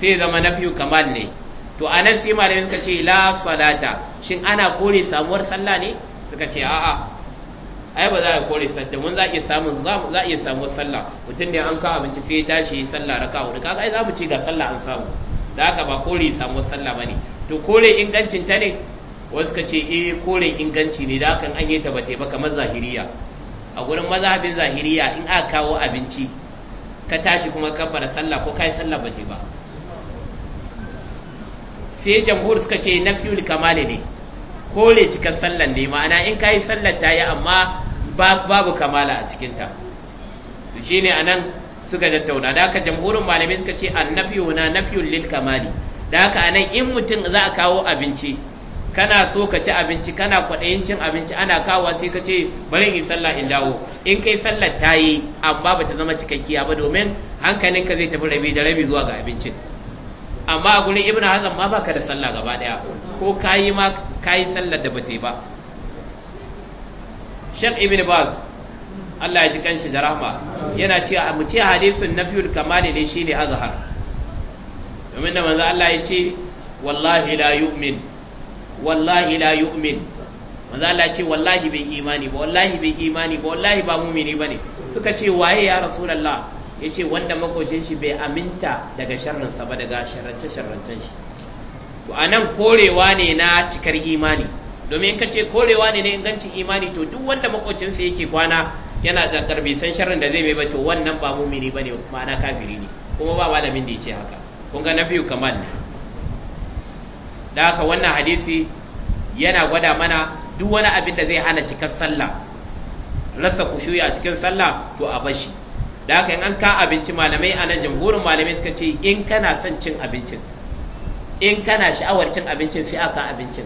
sai zama nabiyul kamal ne to anan sai malamin suka ce la salata shin ana kore samuwar sallah ne suka ce a'a ai ba za a kore sadda mun za a iya samun za a iya samu sallah mutum ne an kawo abinci sai ya tashi sallah raka hudu kaga ai za mu ci ga sallah an samu da haka ba kore samu sallah bane to kore ingancin ta ne wasu ka ce eh kore inganci ne da hakan an yi ta ba ba kamar zahiriya a gurin mazhabin zahiriya in aka kawo abinci ka tashi kuma ka fara sallah ko kai sallah ba ba sai jamhur suka ce nafiyul kamale ne kore cikar sallan ne ma'ana in kai sallar ta yi amma babu kamala a cikinta to shine anan suka tattauna da haka jamhurin malamai suka ce annafiyu na nafiyun lil kamali da haka nan, in mutum za a kawo abinci kana so ka ci abinci kana kwaɗayin cin abinci ana kawo sai ka ce bari in sallah in dawo in kai sallar ta yi amma ba ta zama cikakkiya ba domin hankalinka zai tafi rabi da rabi zuwa ga abincin amma a gurin ibnu hazan ma baka da sallah gaba daya ko kayi ma kayi sallar da bata yi ba Sheikh Ibn Baz Allah ya ji kanshi da rahma yana cewa mu ce hadisin nafiyul kamali ne shine azhar domin da manzo Allah ya ce wallahi la yu'min wallahi la yu'min manzo Allah ya ce wallahi bai imani ba wallahi bai imani ba wallahi ba mumini bane suka ce waye ya rasulullah ce wanda makocin shi bai aminta daga sharrinsa ba daga sharrance sharrancen shi to anan korewa ne na cikar imani domin in ka ce korewa ne na ingancin imani to duk wanda makocinsa yake kwana yana zakar bai san sharrin da zai mai ba to wannan ba mumini bane ma'ana kafiri ne kuma ba malamin da ya ce haka kun ga biyu kamal ne da haka wannan hadisi yana gwada mana duk wani abin da zai hana cikar sallah rasa kushuyi a cikin sallah to a bashi da haka in an ka abinci malamai a na jamhurin malamai suka ce in kana son cin abincin in kana sha'awar cin abincin sai aka abincin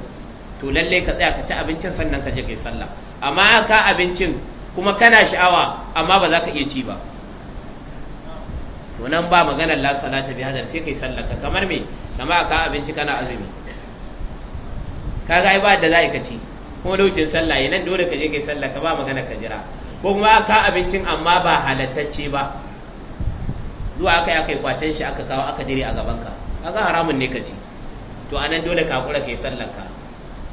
to lallai ka tsaya ka ci abincin sannan ka je kai sallah amma ka abincin kuma kana sha'awa amma ba za ka iya ci ba to nan ba magana la salata bi hadar sai kai sallah ka kamar me kamar ka abinci kana azumi kaga ai ba da za ka ci kuma lokacin sallah nan dole ka je kai sallah ka ba magana ka jira ko kuma ka abincin amma ba halattacce ba zuwa aka yi aka yi kwacen shi aka kawo aka dire a gaban ka kaga haramun ne ka ci to anan dole ka kura kai sallar ka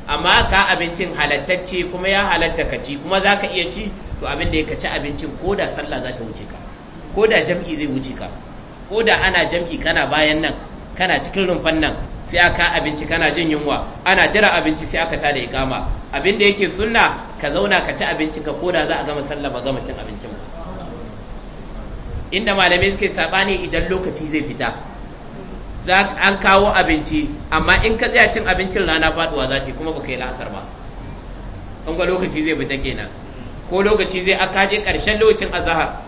amma ka abincin halattacce kuma ya halatta ka ci kuma za ka iya ci to abin da ya kaci abincin ko da sallah za ta wuce ka ko da jam'i zai wuce ka ko da ana jam'i kana bayan nan kana cikin rumfan nan sai aka abinci kana jin yunwa ana dira abinci sai aka tada ikama abin da yake sunna ka zauna ka ci abinci ka ko da za a gama sallah ba gama cin abincin ba inda malamai suke sabani idan lokaci zai fita an kawo abinci amma in ka tsaya cin abincin rana faduwa za ta kuma baka yi la'asar ba in ga lokaci zai fita kenan ko lokaci zai aka je karshen lokacin azahar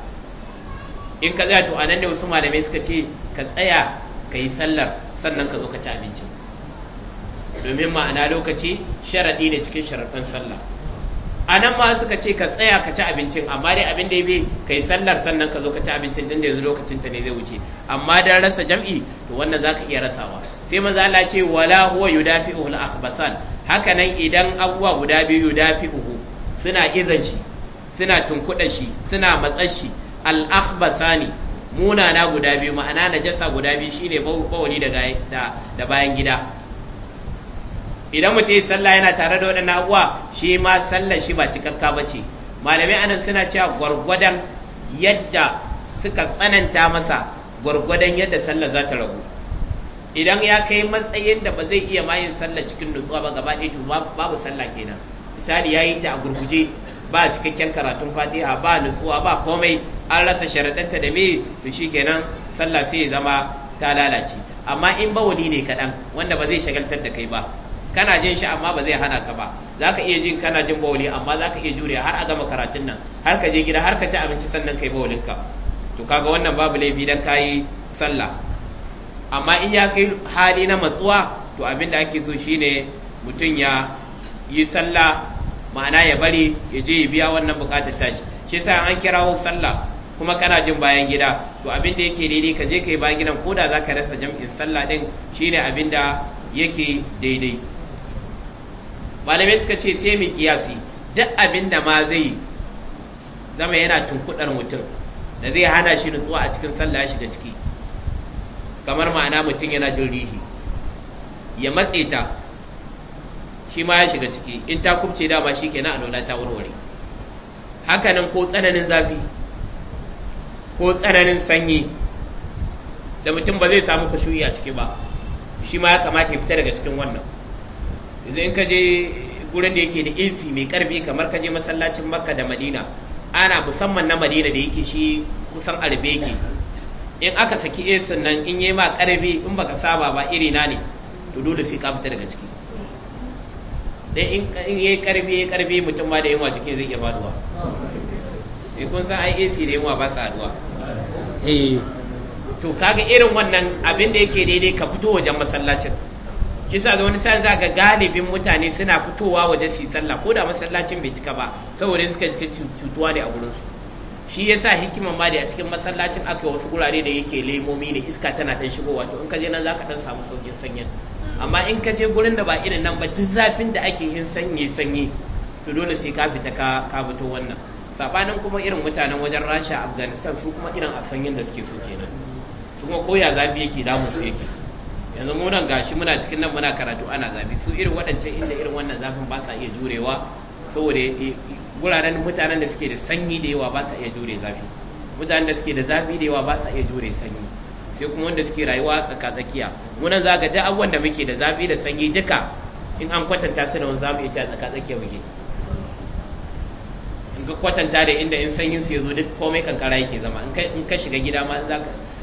in ka tsaya to a nan ne wasu malamai suka ce ka tsaya ka yi sallar sannan ka zo ka ci abincin domin ma'ana lokaci sharaɗi ne cikin sharaɗin sallah a nan ma suka ce ka tsaya ka ci abincin amma dai abin da ya bi ka yi sallar sannan ka zo ka ci abincin tun da yanzu lokacin ta ne zai wuce amma dan rasa jam'i to wannan zaka iya rasawa sai maza Allah ce wala huwa yudafi'ul akhbasan haka nan idan abubuwa guda biyu yudafi'uhu suna izan shi suna tunkuɗa shi suna matsar shi al akhbasani munana guda biyu ma'ana najasa guda biyu shine bawli da da bayan gida idan mutum yi sallah yana tare da waɗannan abuwa shi ma sallar shi ba cikakka ba ce malamai anan suna cewa gwargwadon yadda suka tsananta masa gwargwadon yadda sallar za ta ragu idan ya kai matsayin da ba zai iya mayin sallar cikin nutsuwa ba gaba ɗaya to babu sallah kenan misali ya yi ta a gurguje ba cikakken karatun fatiha ba nutsuwa ba komai an rasa sharaɗanta da me to kenan sallah sai ya zama ta lalace amma in bawali ne kaɗan wanda ba zai shagaltar da kai ba kana jin shi amma ba zai hana ka ba za ka iya jin kana jin bawali amma za ka iya jure har a gama karatun nan har ka je gida har ka ci abinci sannan kai bawalin ka to kaga wannan babu laifi dan kayi sallah amma in ya kai hali na matsuwa to abin da ake so shine mutum ya yi sallah ma'ana ya bari ya je ya biya wannan bukatar tashi shi yasa an kirawo sallah kuma kana jin bayan gida to abin da yake daidai ka je ka yi bayan gidan ko da za ka rasa jam'in sallah din shine abin da yake daidai malamai suka ce sai mu kiyasi duk abin da ma zai zama yana tunkudar mutum da zai hana shi nutsuwa a cikin sallah shi da ciki kamar ma'ana mutum yana jin rihi ya matse ta shi ma ya shiga ciki in ta kubce dama shi kenan a nuna ta warware hakanan ko tsananin zafi ko tsananin sanyi da mutum ba zai samu kashuyi a ciki ba shi ma ya kamata ya fita daga cikin wannan yanzu in ka je gurin da yake da AC mai karfi kamar ka je masallacin Makka da Madina ana musamman na Madina da yake shi kusan arbe in aka saki AC nan in yi ma karfi in baka saba ba iri na ne to dole sai ka fita daga ciki dai in yi karfi ya karfi mutum ma da yawa cikin zai iya faduwa in eh, kun san ai AC da yawa ba sa haduwa eh. to kaga irin wannan abin da yake daidai ka fito wajen masallacin kisa sa wani sa za ga galibin mutane suna fitowa waje su yi sallah ko da masallacin bai cika ba saboda suka cika cutuwa da a su shi yasa sa hikiman ma da a cikin masallacin aka wasu gurare da yake lemomi ne iska tana dan shigowa to in ka je nan za dan samu saukin sanyin amma in ka je gurin da ba irin nan ba duk zafin da ake yin sanye sanye to dole sai ka fita ka ka fito wannan sabanin kuma irin mutanen wajen rasha afghanistan su kuma irin a sanyin da suke so kenan su kuma koya zafi yake damu su yake yanzu mu nan gashi muna cikin nan muna karatu ana zafi su irin waɗancan inda irin wannan zafin ba sa iya jurewa saboda guraren eh, eh, mutanen da suke da sanyi da yawa ba sa iya jure zafi mutanen da suke da zafi da yawa ba sa iya jure sanyi sai kuma wanda suke rayuwa tsaka tsakiya munan za ga duk abubuwan da muke da zafi da sanyi duka in an kwatanta su da wani zamu iya tsaka tsakiya muke in ka kwatanta da inda in sanyin su ya zo duk komai kankara yake zama in ka shiga gida ma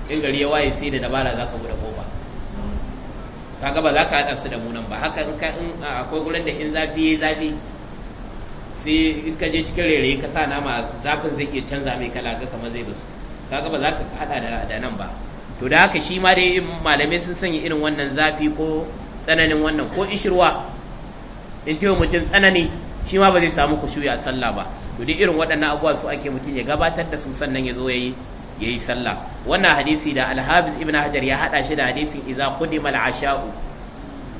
in gari ya waye sai da dabara za ka bude kofa kaga ba za ka haɗa su da mu nan ba haka in ka in akwai gurin da in zafi yayi zafi sai in ka je cikin rere ka sa nama zafin zai iya canza mai kala ga kamar zai basu kaga ba za ka haɗa da nan ba to da haka shi ma dai malamai sun sanya irin wannan zafi ko tsananin wannan ko ishirwa in tewa mutum tsanani shi ma ba zai samu kushuya a sallah ba to duk irin waɗannan abubuwa su ake mutum ya gabatar da su sannan ya zo ya yi yayi sallah wannan hadisi da al ibn hajar ya hada shi da hadisin iza qudima al-asha'u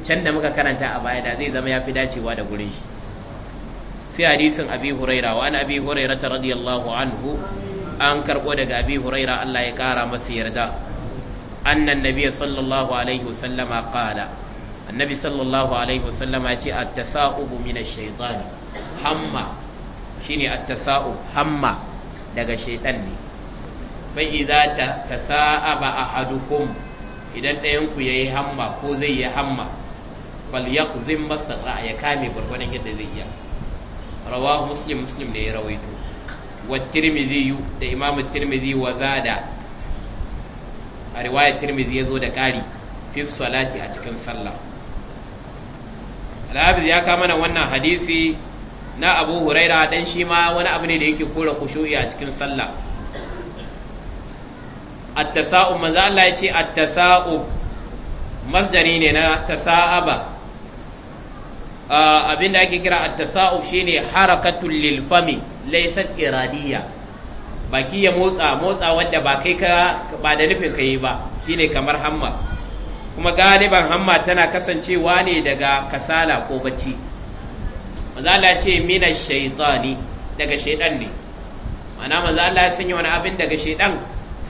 can da muka karanta a baya da zai zama yafi dacewa da gurin shi sai hadisin abi huraira wa an abi huraira radiyallahu anhu an karbo daga abi huraira Allah ya kara masa yarda annan Nabiya sallallahu alaihi wasallama qala annabi sallallahu alaihi wasallama ce a tasaubu min ash hamma shine at-tasa'ub hamma daga shaiɗan ne bai za ta tasa'aba ahadukum idan ɗayan ku yayi hamma ko zai yi hamma fal yaqzim mastata ya kame gurgurdan yadda zai iya rawahu muslim muslim ne ya rawaito wa tirmidhi da imamu tirmidhi wa zada a riwayar tirmidhi ya zo da ƙari fi salati a cikin sallah al ya kama nan wannan hadisi na abu huraira dan shi ma wani abu ne da yake kora kushu'i a cikin sallah at-tasa'ub manzo Allah ce at-tasa'ub masdari ne na tasa'aba ah, abinda ake kira at-tasa'ub shine harakatul lil fami laysat iradiyya baki ya motsa motsa wanda ba kai ka ba da nufin kai ba shine kamar hamma kuma galiban hamma tana kasancewa ne daga kasala ko bacci manzo Allah ce mina shaytani daga shaydan ne mana manzo Allah ya sanya wani abin daga shaydan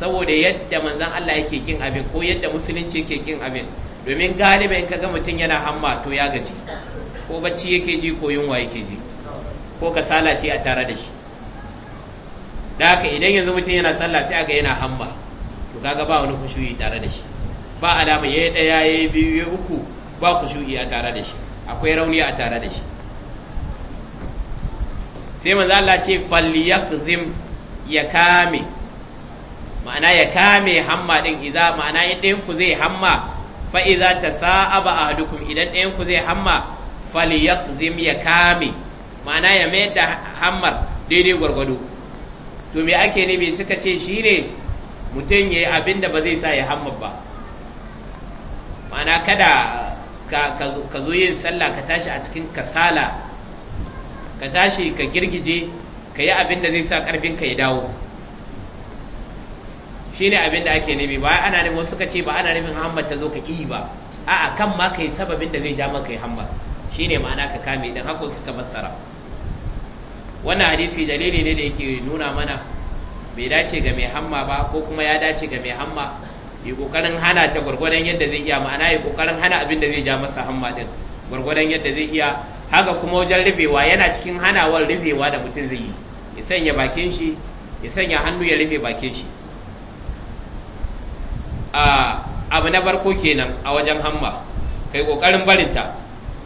saboda yadda manzon Allah yake kin abin ko yadda musulunci yake kin abin domin galibin ka ga mutum yana hamma to ya gaji ko bacci yake ji ko yunwa yake ji ko kasala ce a tare da shi da haka idan yanzu mutum yana sallah sai aga yana hamma to kaga ba wani kushuyi tare da shi ba alama yayi daya yayi biyu yayi uku ba kushuyi a tare da shi akwai rauni a tare da shi sai manzo Allah ce falyakzim ya kame ma'ana ya kame hamma din iza. ma'ana in ɗayan ku zai hamma fa idza a ahadukum idan ɗayan ku zai hamma falyaqzim ya kame ma'ana ya mayar da hammar daidai gwargwado to me ake nufi suka ce shine mutum yayi abin da ba zai sa ya hamma ba ma'ana kada ka zo yin sallah ka tashi a cikin kasala ka tashi ka girgije ka yi abin da zai sa karfin ka ya dawo shine abin da ake nufi ba ana nufin wasu suka ce ba ana nufin hammar ta zo ka ƙi ba a'a kan ma kai sababin da zai ja maka yi hammar shine ma'ana ka kame dan haka suka fassara wannan hadisi dalili ne da yake nuna mana bai dace ga mai hamma ba ko kuma ya dace ga mai hamma yi kokarin hana ta gwargwadon yadda zai iya ma'ana yi kokarin hana abin da zai ja masa hamma din gwargwadon yadda zai iya haka kuma wajen rubewa yana cikin hanawar rufewa da mutum zai yi ya sanya bakin shi ya sanya hannu ya rufe bakin shi abu na barko kenan a wajen hamma kai kokarin barinta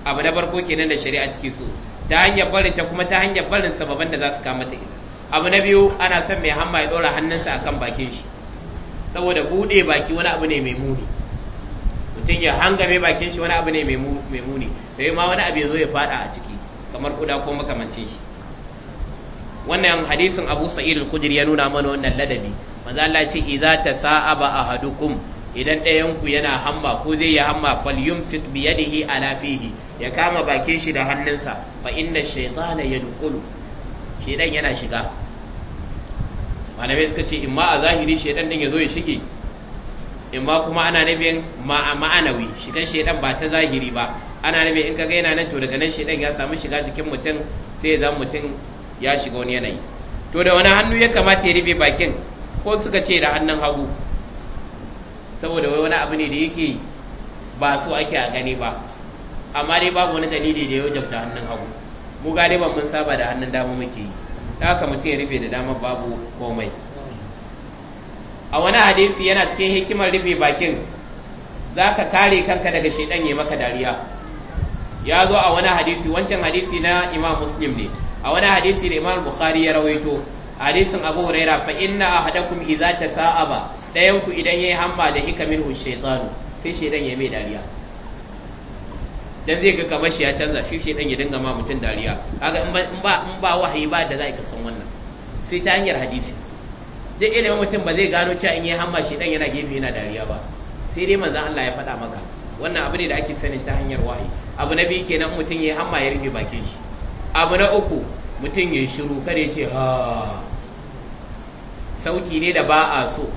abu na barko kenan da shari'a take so ta hanyar barinta kuma ta hanyar barin sababan da za su kama ta ita abu na biyu ana son mai hamma ya dora hannunsa akan bakin shi saboda bude baki wani abu ne mai muni mutum ya hangame bakin shi wani abu ne mai muni sai ma wani abu ya zo ya fada a ciki kamar kuda ko makamancin shi wannan hadisin Abu sa'idul al ya nuna mana wannan ladabi manzo Allah ce idza tasa'aba ahadukum idan ɗayan ku yana hamma ko zai yi hamma yumsit bi yadihi ala fihi ya kama bakin shi da hannunsa fa inna shaytana yadkhulu shedan yana shiga malamai suka ce imma a zahiri shedan din ya zo ya shige imma kuma ana nufin ma'anawi shigan shaidan ba ta zahiri ba ana nufin in ka ga yana nan to daga nan shaidan ya samu shiga jikin mutum sai ya zama mutum ya shiga wani yanayi to da wani hannu ya kamata ya rufe bakin ko suka ce da hannun hagu saboda wai wani abu ne da yake ba so ake a gani ba amma dai babu wani dalili da ya wajabta hannun hagu mu galiban mun saba da hannun dama muke yi haka mutum ya rufe da dama babu komai a wani hadisi yana cikin hikimar rufe bakin za ka kare kanka daga shaidan ya maka dariya ya zo a wani hadisi wancan hadisi na imam muslim ne a wani hadisi da Imam Bukhari ya rawaito hadisin Abu Huraira fa inna ahadakum idza tasa'aba dayan ku idan yayi hamma da hika minhu shaytan sai shaydan ya mai dariya dan zai ga kamar shi ya canza shi shaydan ya dinga ma mutun dariya kaga in ba in ba wahayi ba da zai ka san wannan sai ta hanyar hadisi duk ilimin mutum ba zai gano cewa in yayi hamma shaydan yana gefe yana dariya ba sai dai manzon Allah ya faɗa maka wannan abu ne da ake sanin ta hanyar wahayi abu na biyu kenan mutum yayi hamma ya rufe bakin shi abu na uku mutum ya shiru kada ya ce ha sauki ne da ba a so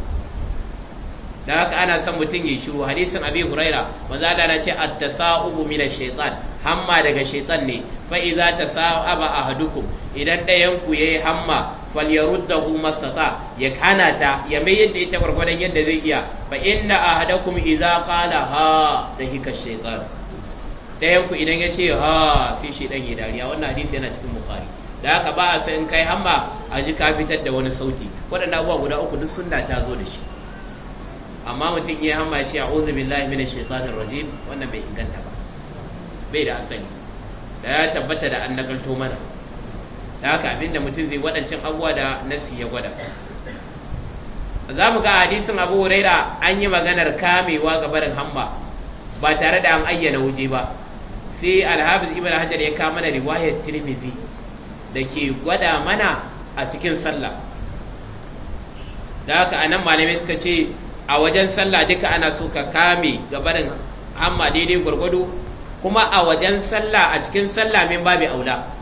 da haka ana son mutum ya shiru hadisin abi huraira maza da na ce at-tasa'ubu min ash-shaytan hamma daga shaytan ne fa idza tasa'aba ahadukum idan dayan ku yayi hamma falyaruddahu masata ya kana ta ya mai yadda ita gwargwadon yadda zai iya fa inna ahadakum idza qala ha da hikar shaytan ɗayan ku idan ya ce ha fi shi dan ya dariya wannan hadisi yana cikin bukhari da haka ba a sai in kai hamma a ji ka fitar da wani sauti waɗannan abubuwa guda uku duk sunna ta zo da shi amma mutum ya hamma ya ce a'udhu billahi minash shaitanir rajim wannan bai inganta ba bai da asali da ya tabbata da an nagalto mana da haka abinda mutum zai waɗancan abubuwa da nasi ya gwada za mu ga hadisin abu huraira an yi maganar kamewa ga barin hamma ba tare da an ayyana wuje ba sai alhafiz ibn hajar ya kama da riwayar tirmidhi da ke gwada mana a cikin sallah da haka anan malamai suka ce a wajen sallah duka ana so ka kame gabarin amma daidai gwargwado kuma a wajen sallah a cikin sallah min babu aula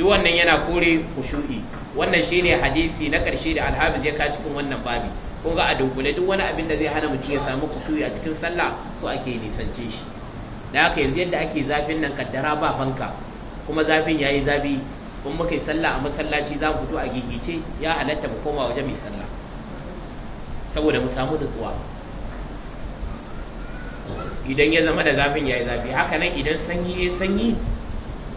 duk wannan yana kore kushu'i wannan shine hadisi na ƙarshe da alhafiz ya ka cikin wannan babu. kun ga a dunkule duk wani abin da zai hana mutum ya samu kushu'i a cikin sallah so ake nisance shi da haka yanzu yadda ake zafin nan kaddara ba fanka kuma zafin yayi zafi kun muka yi sallah a masallaci za mu fito a gigice ya halatta mu koma waje mai sallah saboda mu samu nutsuwa idan ya zama da zafin ya yi zafi haka nan idan sanyi ya sanyi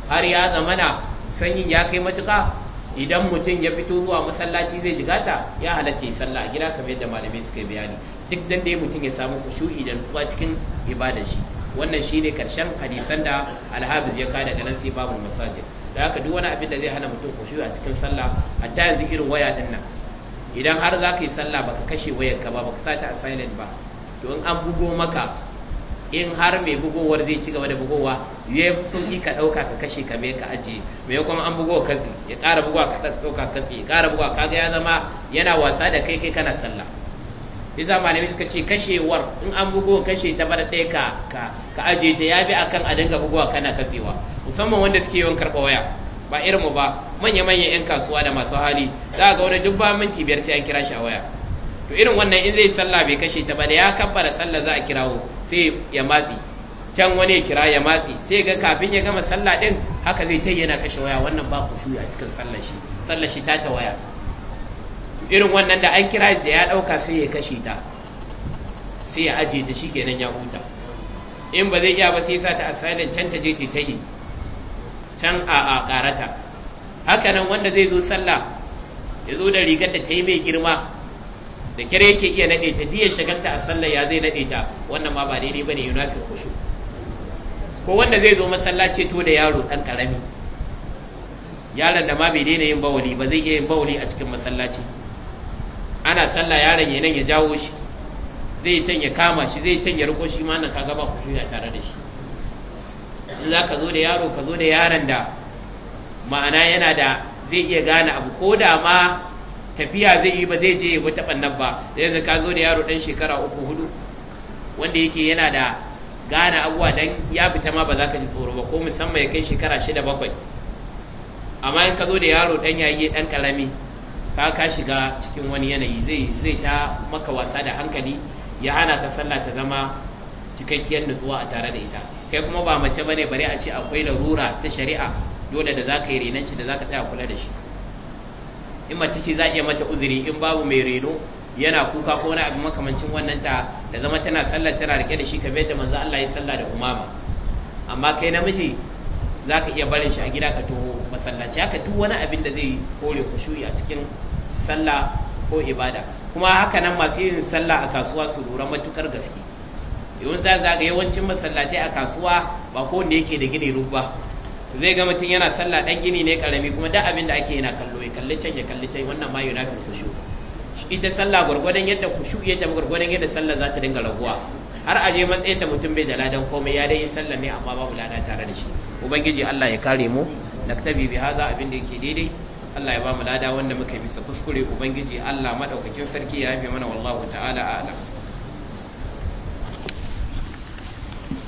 har ya zama na sanyin ya kai matuka idan mutum ya fito zuwa masallaci zai jigata ya halatta ya sallah a gida kamar yadda malamai suka bayani duk dan da mutum ya samu khushu'i da nutsuwa cikin ibada shi wannan shine karshen hadisan da alhabiz ya kada daga sai babu masajid da haka duk wani abin da zai hana mutum khushu'i a cikin sallah hatta yanzu irin waya din nan idan har za ka yi sallah baka kashe wayar ka ba baka sa ta a silent ba to in an bugo maka in har mai bugowar zai ci gaba da bugowa ya yi sauki ka ɗauka ka kashe ka mai ka ajiye mai kuma an bugowa kansu ya ƙara bugowa ka ɗauka kansu ya ƙara bugowa kaga ya zama yana wasa da kai kai kana sallah Iza malamai suka ce kashewar in an bugo kashe ta bar ɗaya ka ka aje ta yabi akan a dinga bugowa kana katsewa musamman wanda suke yawan karɓa waya ba irin mu ba manya manya yan kasuwa da masu hali za ga wani duk ba minti biyar sai an kira shi a waya to irin wannan in zai sallah bai kashe ta ba da ya kabbara sallah za a kirawo sai ya matsi can wani ya kira ya matsi sai ga kafin ya gama sallah din haka zai tayyana yana kashe waya wannan ba ku shuya cikin sallar shi sallar shi ta ta waya irin wannan da an kira da ya ɗauka sai ya kashe ta sai ya ajiye ta shi kenan ya huta in ba zai iya ba sai ya sa ta asalin can ta je ta ta can a a karata haka nan wanda zai zo sallah ya zo da rigar da ta yi mai girma da kira yake iya nade ta diyar shagalta a sallah ya zai nade ta wannan ma ba daidai ba ne yunafin kushu ko wanda zai zo masallaci to da yaro ɗan ƙarami yaron da ma bai daina yin bawali ba zai iya yin bawali a cikin masallaci ana sallah yaron ya ya jawo shi zai can ya kama shi zai can ya riko shi ma nan kaga ba tare da shi in za ka zo da yaro ka zo da yaron da ma'ana yana da zai iya gane abu ko da ma tafiya zai yi ba zai je ya wata ɓannan ba da yanzu ka zo da yaro ɗan shekara uku hudu wanda yake yana da gane abuwa dan ya fita ma ba za ka ji tsoro ba ko musamman ya kai shekara shida bakwai amma in ka zo da yaro ɗan yayi ɗan ƙarami ka ka shiga cikin wani yanayi zai zai ta maka wasa da hankali ya hana ta sallah ta zama cikakkiyar nutsuwa a tare da ita kai kuma ba mace bane bare a ce akwai larura ta shari'a dole da zaka yi renanci da zaka taya kula da shi in mace ce za a iya mata uzuri in babu mai reno yana kuka ko wani abu makamancin wannan ta da zama tana sallar tana rike da shi kamar yadda manzo Allah ya sallah da umama amma kai na namiji zaka iya barin shi a gida ka toho masallaci haka duk wani abin da zai kore kushuyi a cikin sallah ko ibada kuma haka nan masu yin sallah a kasuwa su lura matukar gaske yawan za zaga yawancin masallatai a kasuwa ba ko wanda yake da gini rubba zai ga mutum yana sallah dan gini ne karami kuma da abin da ake yana kallo ya kalli can ya kalli can wannan ma yana yunafi kushu ita sallah gwargwadon yadda kushu ya tafi gwargwadon yadda sallah za ta dinga raguwa har a je matsayin da mutum bai da ladan komai ya dai sallah ne amma babu lada tare da shi ubangiji Allah ya kare mu naktabi bi hadha abin da yake daidai Allah ya ba mu lada wanda muka yi bisa kuskure ubangiji Allah maɗaukakin sarki ya haife mana wallahu ta'ala a'lam